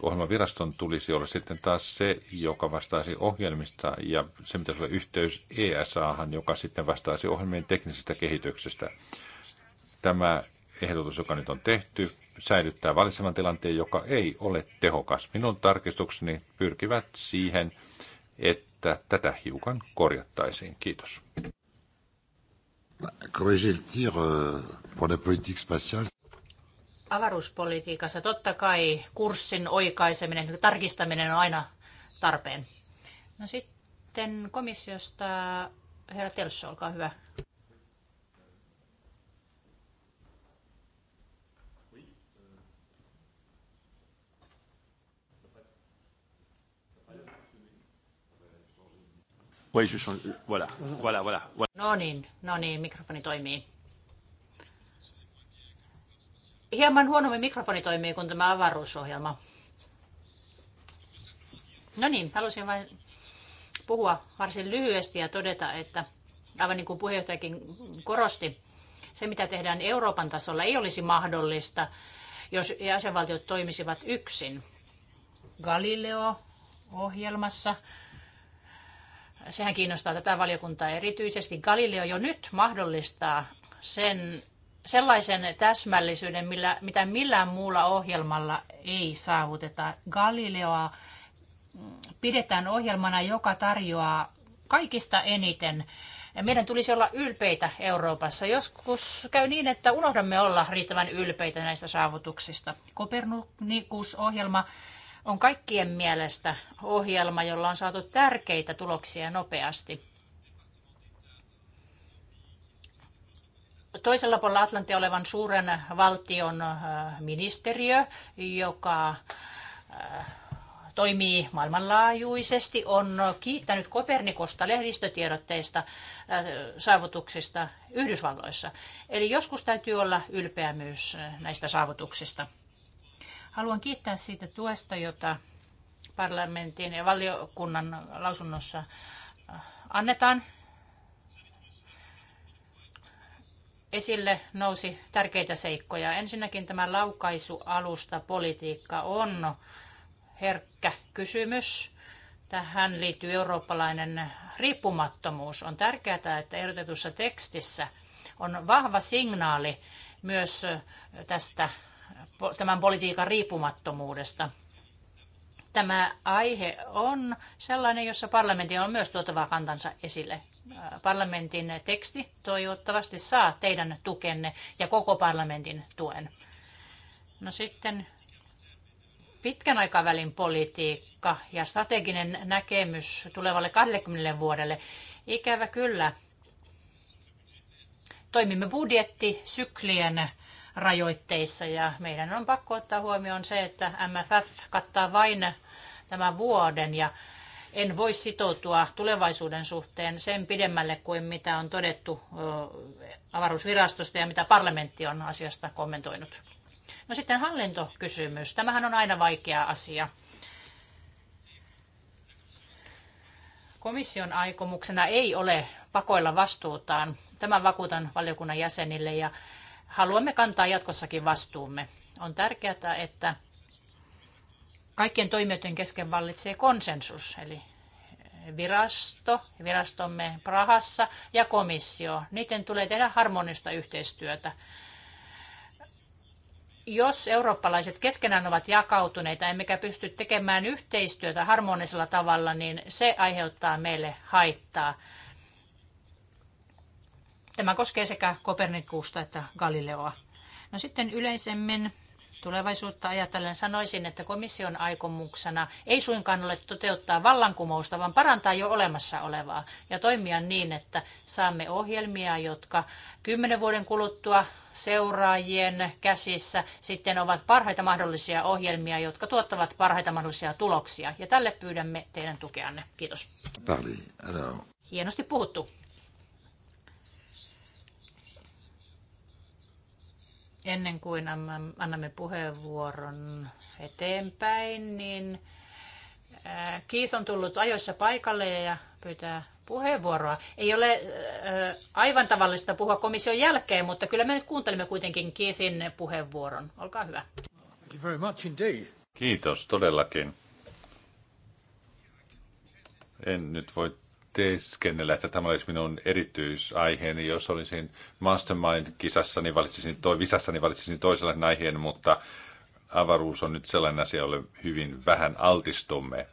ohjelmaviraston tulisi olla sitten taas se, joka vastaisi ohjelmista ja se pitäisi olla yhteys ESA, joka sitten vastaisi ohjelmien teknisestä kehityksestä. Tämä ehdotus, joka nyt on tehty, säilyttää valitsevan tilanteen, joka ei ole tehokas. Minun tarkistukseni pyrkivät siihen, että tätä hiukan korjattaisiin. Kiitos. Corriger le tir euh, pour la politique spatiale avaruuspolitiikassa totta kai kurssin oikaiseminen, tarkistaminen on aina tarpeen. No sitten komissiosta herra Telsso, olkaa hyvä. No niin, no niin, mikrofoni toimii hieman huonommin mikrofoni toimii kuin tämä avaruusohjelma. No niin, halusin vain puhua varsin lyhyesti ja todeta, että aivan niin kuin puheenjohtajakin korosti, se mitä tehdään Euroopan tasolla ei olisi mahdollista, jos jäsenvaltiot toimisivat yksin. Galileo-ohjelmassa sehän kiinnostaa tätä valiokuntaa erityisesti. Galileo jo nyt mahdollistaa sen, sellaisen täsmällisyyden, millä, mitä millään muulla ohjelmalla ei saavuteta. Galileoa pidetään ohjelmana, joka tarjoaa kaikista eniten. Ja meidän tulisi olla ylpeitä Euroopassa. Joskus käy niin, että unohdamme olla riittävän ylpeitä näistä saavutuksista. Kopernikus-ohjelma on kaikkien mielestä ohjelma, jolla on saatu tärkeitä tuloksia nopeasti. toisella puolella Atlantia olevan suuren valtion äh, ministeriö, joka äh, toimii maailmanlaajuisesti, on kiittänyt Kopernikosta lehdistötiedotteista äh, saavutuksista Yhdysvalloissa. Eli joskus täytyy olla ylpeä myös näistä saavutuksista. Haluan kiittää siitä tuesta, jota parlamentin ja valiokunnan lausunnossa annetaan esille nousi tärkeitä seikkoja. Ensinnäkin tämä laukaisualusta politiikka on herkkä kysymys. Tähän liittyy eurooppalainen riippumattomuus. On tärkeää, että ehdotetussa tekstissä on vahva signaali myös tästä tämän politiikan riippumattomuudesta tämä aihe on sellainen, jossa parlamentti on myös tuotava kantansa esille. Äh, parlamentin teksti toivottavasti saa teidän tukenne ja koko parlamentin tuen. No sitten pitkän aikavälin politiikka ja strateginen näkemys tulevalle 20 vuodelle. Ikävä kyllä. Toimimme budjettisyklien rajoitteissa ja meidän on pakko ottaa huomioon se, että MFF kattaa vain tämän vuoden ja en voi sitoutua tulevaisuuden suhteen sen pidemmälle kuin mitä on todettu avaruusvirastosta ja mitä parlamentti on asiasta kommentoinut. No sitten hallintokysymys. Tämähän on aina vaikea asia. Komission aikomuksena ei ole pakoilla vastuutaan. Tämän vakuutan valiokunnan jäsenille ja haluamme kantaa jatkossakin vastuumme. On tärkeää, että kaikkien toimijoiden kesken vallitsee konsensus, eli virasto, virastomme Prahassa ja komissio. Niiden tulee tehdä harmonista yhteistyötä. Jos eurooppalaiset keskenään ovat jakautuneita, emmekä pysty tekemään yhteistyötä harmonisella tavalla, niin se aiheuttaa meille haittaa. Tämä koskee sekä Kopernikusta että Galileoa. No sitten yleisemmin tulevaisuutta ajatellen sanoisin, että komission aikomuksena ei suinkaan ole toteuttaa vallankumousta, vaan parantaa jo olemassa olevaa ja toimia niin, että saamme ohjelmia, jotka kymmenen vuoden kuluttua seuraajien käsissä sitten ovat parhaita mahdollisia ohjelmia, jotka tuottavat parhaita mahdollisia tuloksia. Ja tälle pyydämme teidän tukeanne. Kiitos. Hienosti puhuttu. Ennen kuin annamme puheenvuoron eteenpäin, niin äh, Kiis on tullut ajoissa paikalle ja pyytää puheenvuoroa. Ei ole äh, aivan tavallista puhua komission jälkeen, mutta kyllä me nyt kuuntelemme kuitenkin Kiisin puheenvuoron. Olkaa hyvä. Thank you very much indeed. Kiitos todellakin. En nyt voi teeskennellä, että tämä olisi minun erityisaiheeni. Jos olisin Mastermind-kisassa, niin valitsisin, toi, visassa, niin valitsisin toisenlaisen aiheen, mutta avaruus on nyt sellainen asia, jolle hyvin vähän altistumme.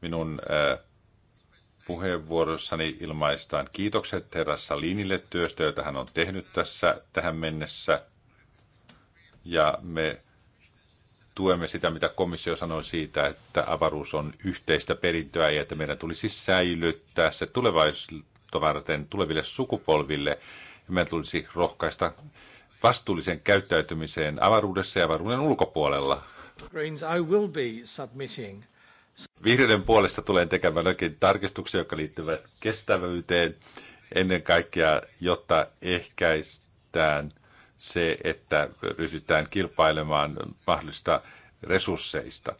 Minun äh, puheenvuorossani ilmaistaan kiitokset herra Salinille työstä, jota hän on tehnyt tässä tähän mennessä. Ja me tuemme sitä, mitä komissio sanoi siitä, että avaruus on yhteistä perintöä ja että meidän tulisi säilyttää se tulevaisuutta varten tuleville sukupolville. Ja meidän tulisi rohkaista vastuullisen käyttäytymiseen avaruudessa ja avaruuden ulkopuolella. Greens, I will be submitting. Vihreiden puolesta tulen tekemään jokin tarkistuksia, jotka liittyvät kestävyyteen ennen kaikkea, jotta ehkäistään – se, että ryhdytään kilpailemaan mahdollista resursseista.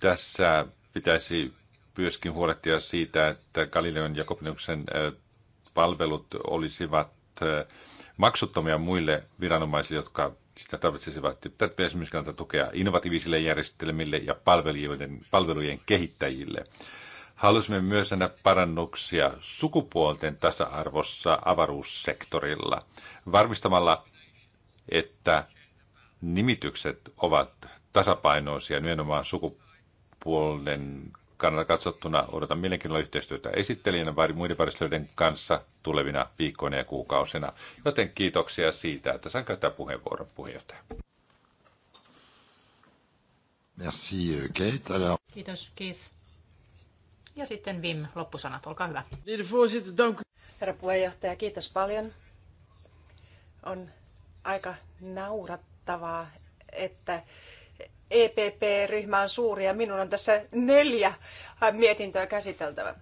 Tässä pitäisi myöskin huolehtia siitä, että Galileon ja Kopernikuksen palvelut olisivat maksuttomia muille viranomaisille, jotka sitä tarvitsisivat. Tätä esimerkiksi myöskin tukea innovatiivisille järjestelmille ja palvelujen, palvelujen kehittäjille. Halusimme myös nähdä parannuksia sukupuolten tasa-arvossa avaruussektorilla varmistamalla, että nimitykset ovat tasapainoisia nimenomaan sukupuolen kannalta katsottuna. Odotan mielenkiinnolla yhteistyötä esittelijänä vai muiden varistelijoiden kanssa tulevina viikkoina ja kuukausina. Joten kiitoksia siitä, että saan käyttää puheenvuoron puheenjohtaja. Merci, Kate. Alors... Kiitos, Keith. Ja sitten Vim, loppusanat, olkaa hyvä. Herra puheenjohtaja, kiitos paljon. On aika naurattavaa, että EPP-ryhmä on suuri ja minun on tässä neljä mietintöä käsiteltävä.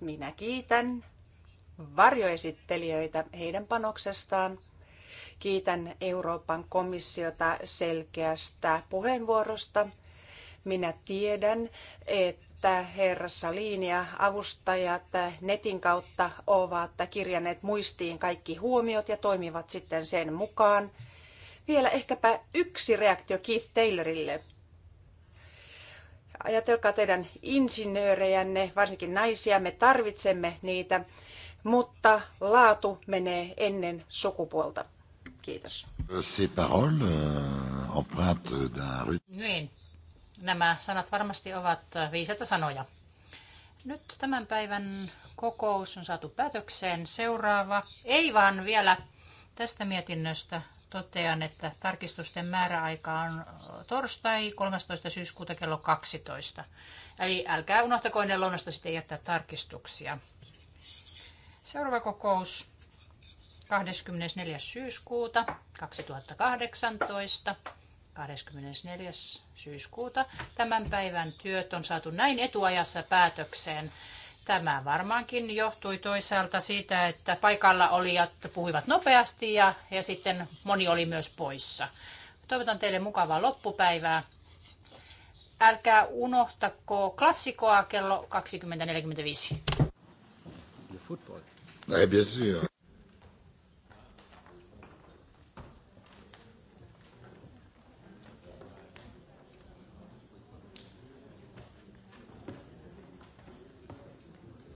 Minä kiitän varjoesittelijöitä heidän panoksestaan. Kiitän Euroopan komissiota selkeästä puheenvuorosta – minä tiedän, että herra Salin ja avustajat netin kautta ovat kirjanneet muistiin kaikki huomiot ja toimivat sitten sen mukaan. Vielä ehkäpä yksi reaktio Keith Taylorille ajatelkaa teidän insinöörejänne, varsinkin naisia, me tarvitsemme niitä, mutta laatu menee ennen sukupuolta. Kiitos. Ces paroles euh, empreintes d'un... Niin. Nämä sanat varmasti ovat viisaita sanoja. Nyt tämän päivän kokous on saatu päätökseen. Seuraava, ei vaan vielä tästä mietinnöstä totean, että tarkistusten määräaika on torstai 13. syyskuuta kello 12. Eli älkää unohtako ennen lounasta sitten jättää tarkistuksia. Seuraava kokous 24. syyskuuta 2018. 24. syyskuuta. Tämän päivän työt on saatu näin etuajassa päätökseen. Tämä varmaankin johtui toisaalta siitä, että paikalla olijat puhuivat nopeasti ja, ja sitten moni oli myös poissa. Toivotan teille mukavaa loppupäivää. Älkää unohtako klassikoa kello 20.45. Le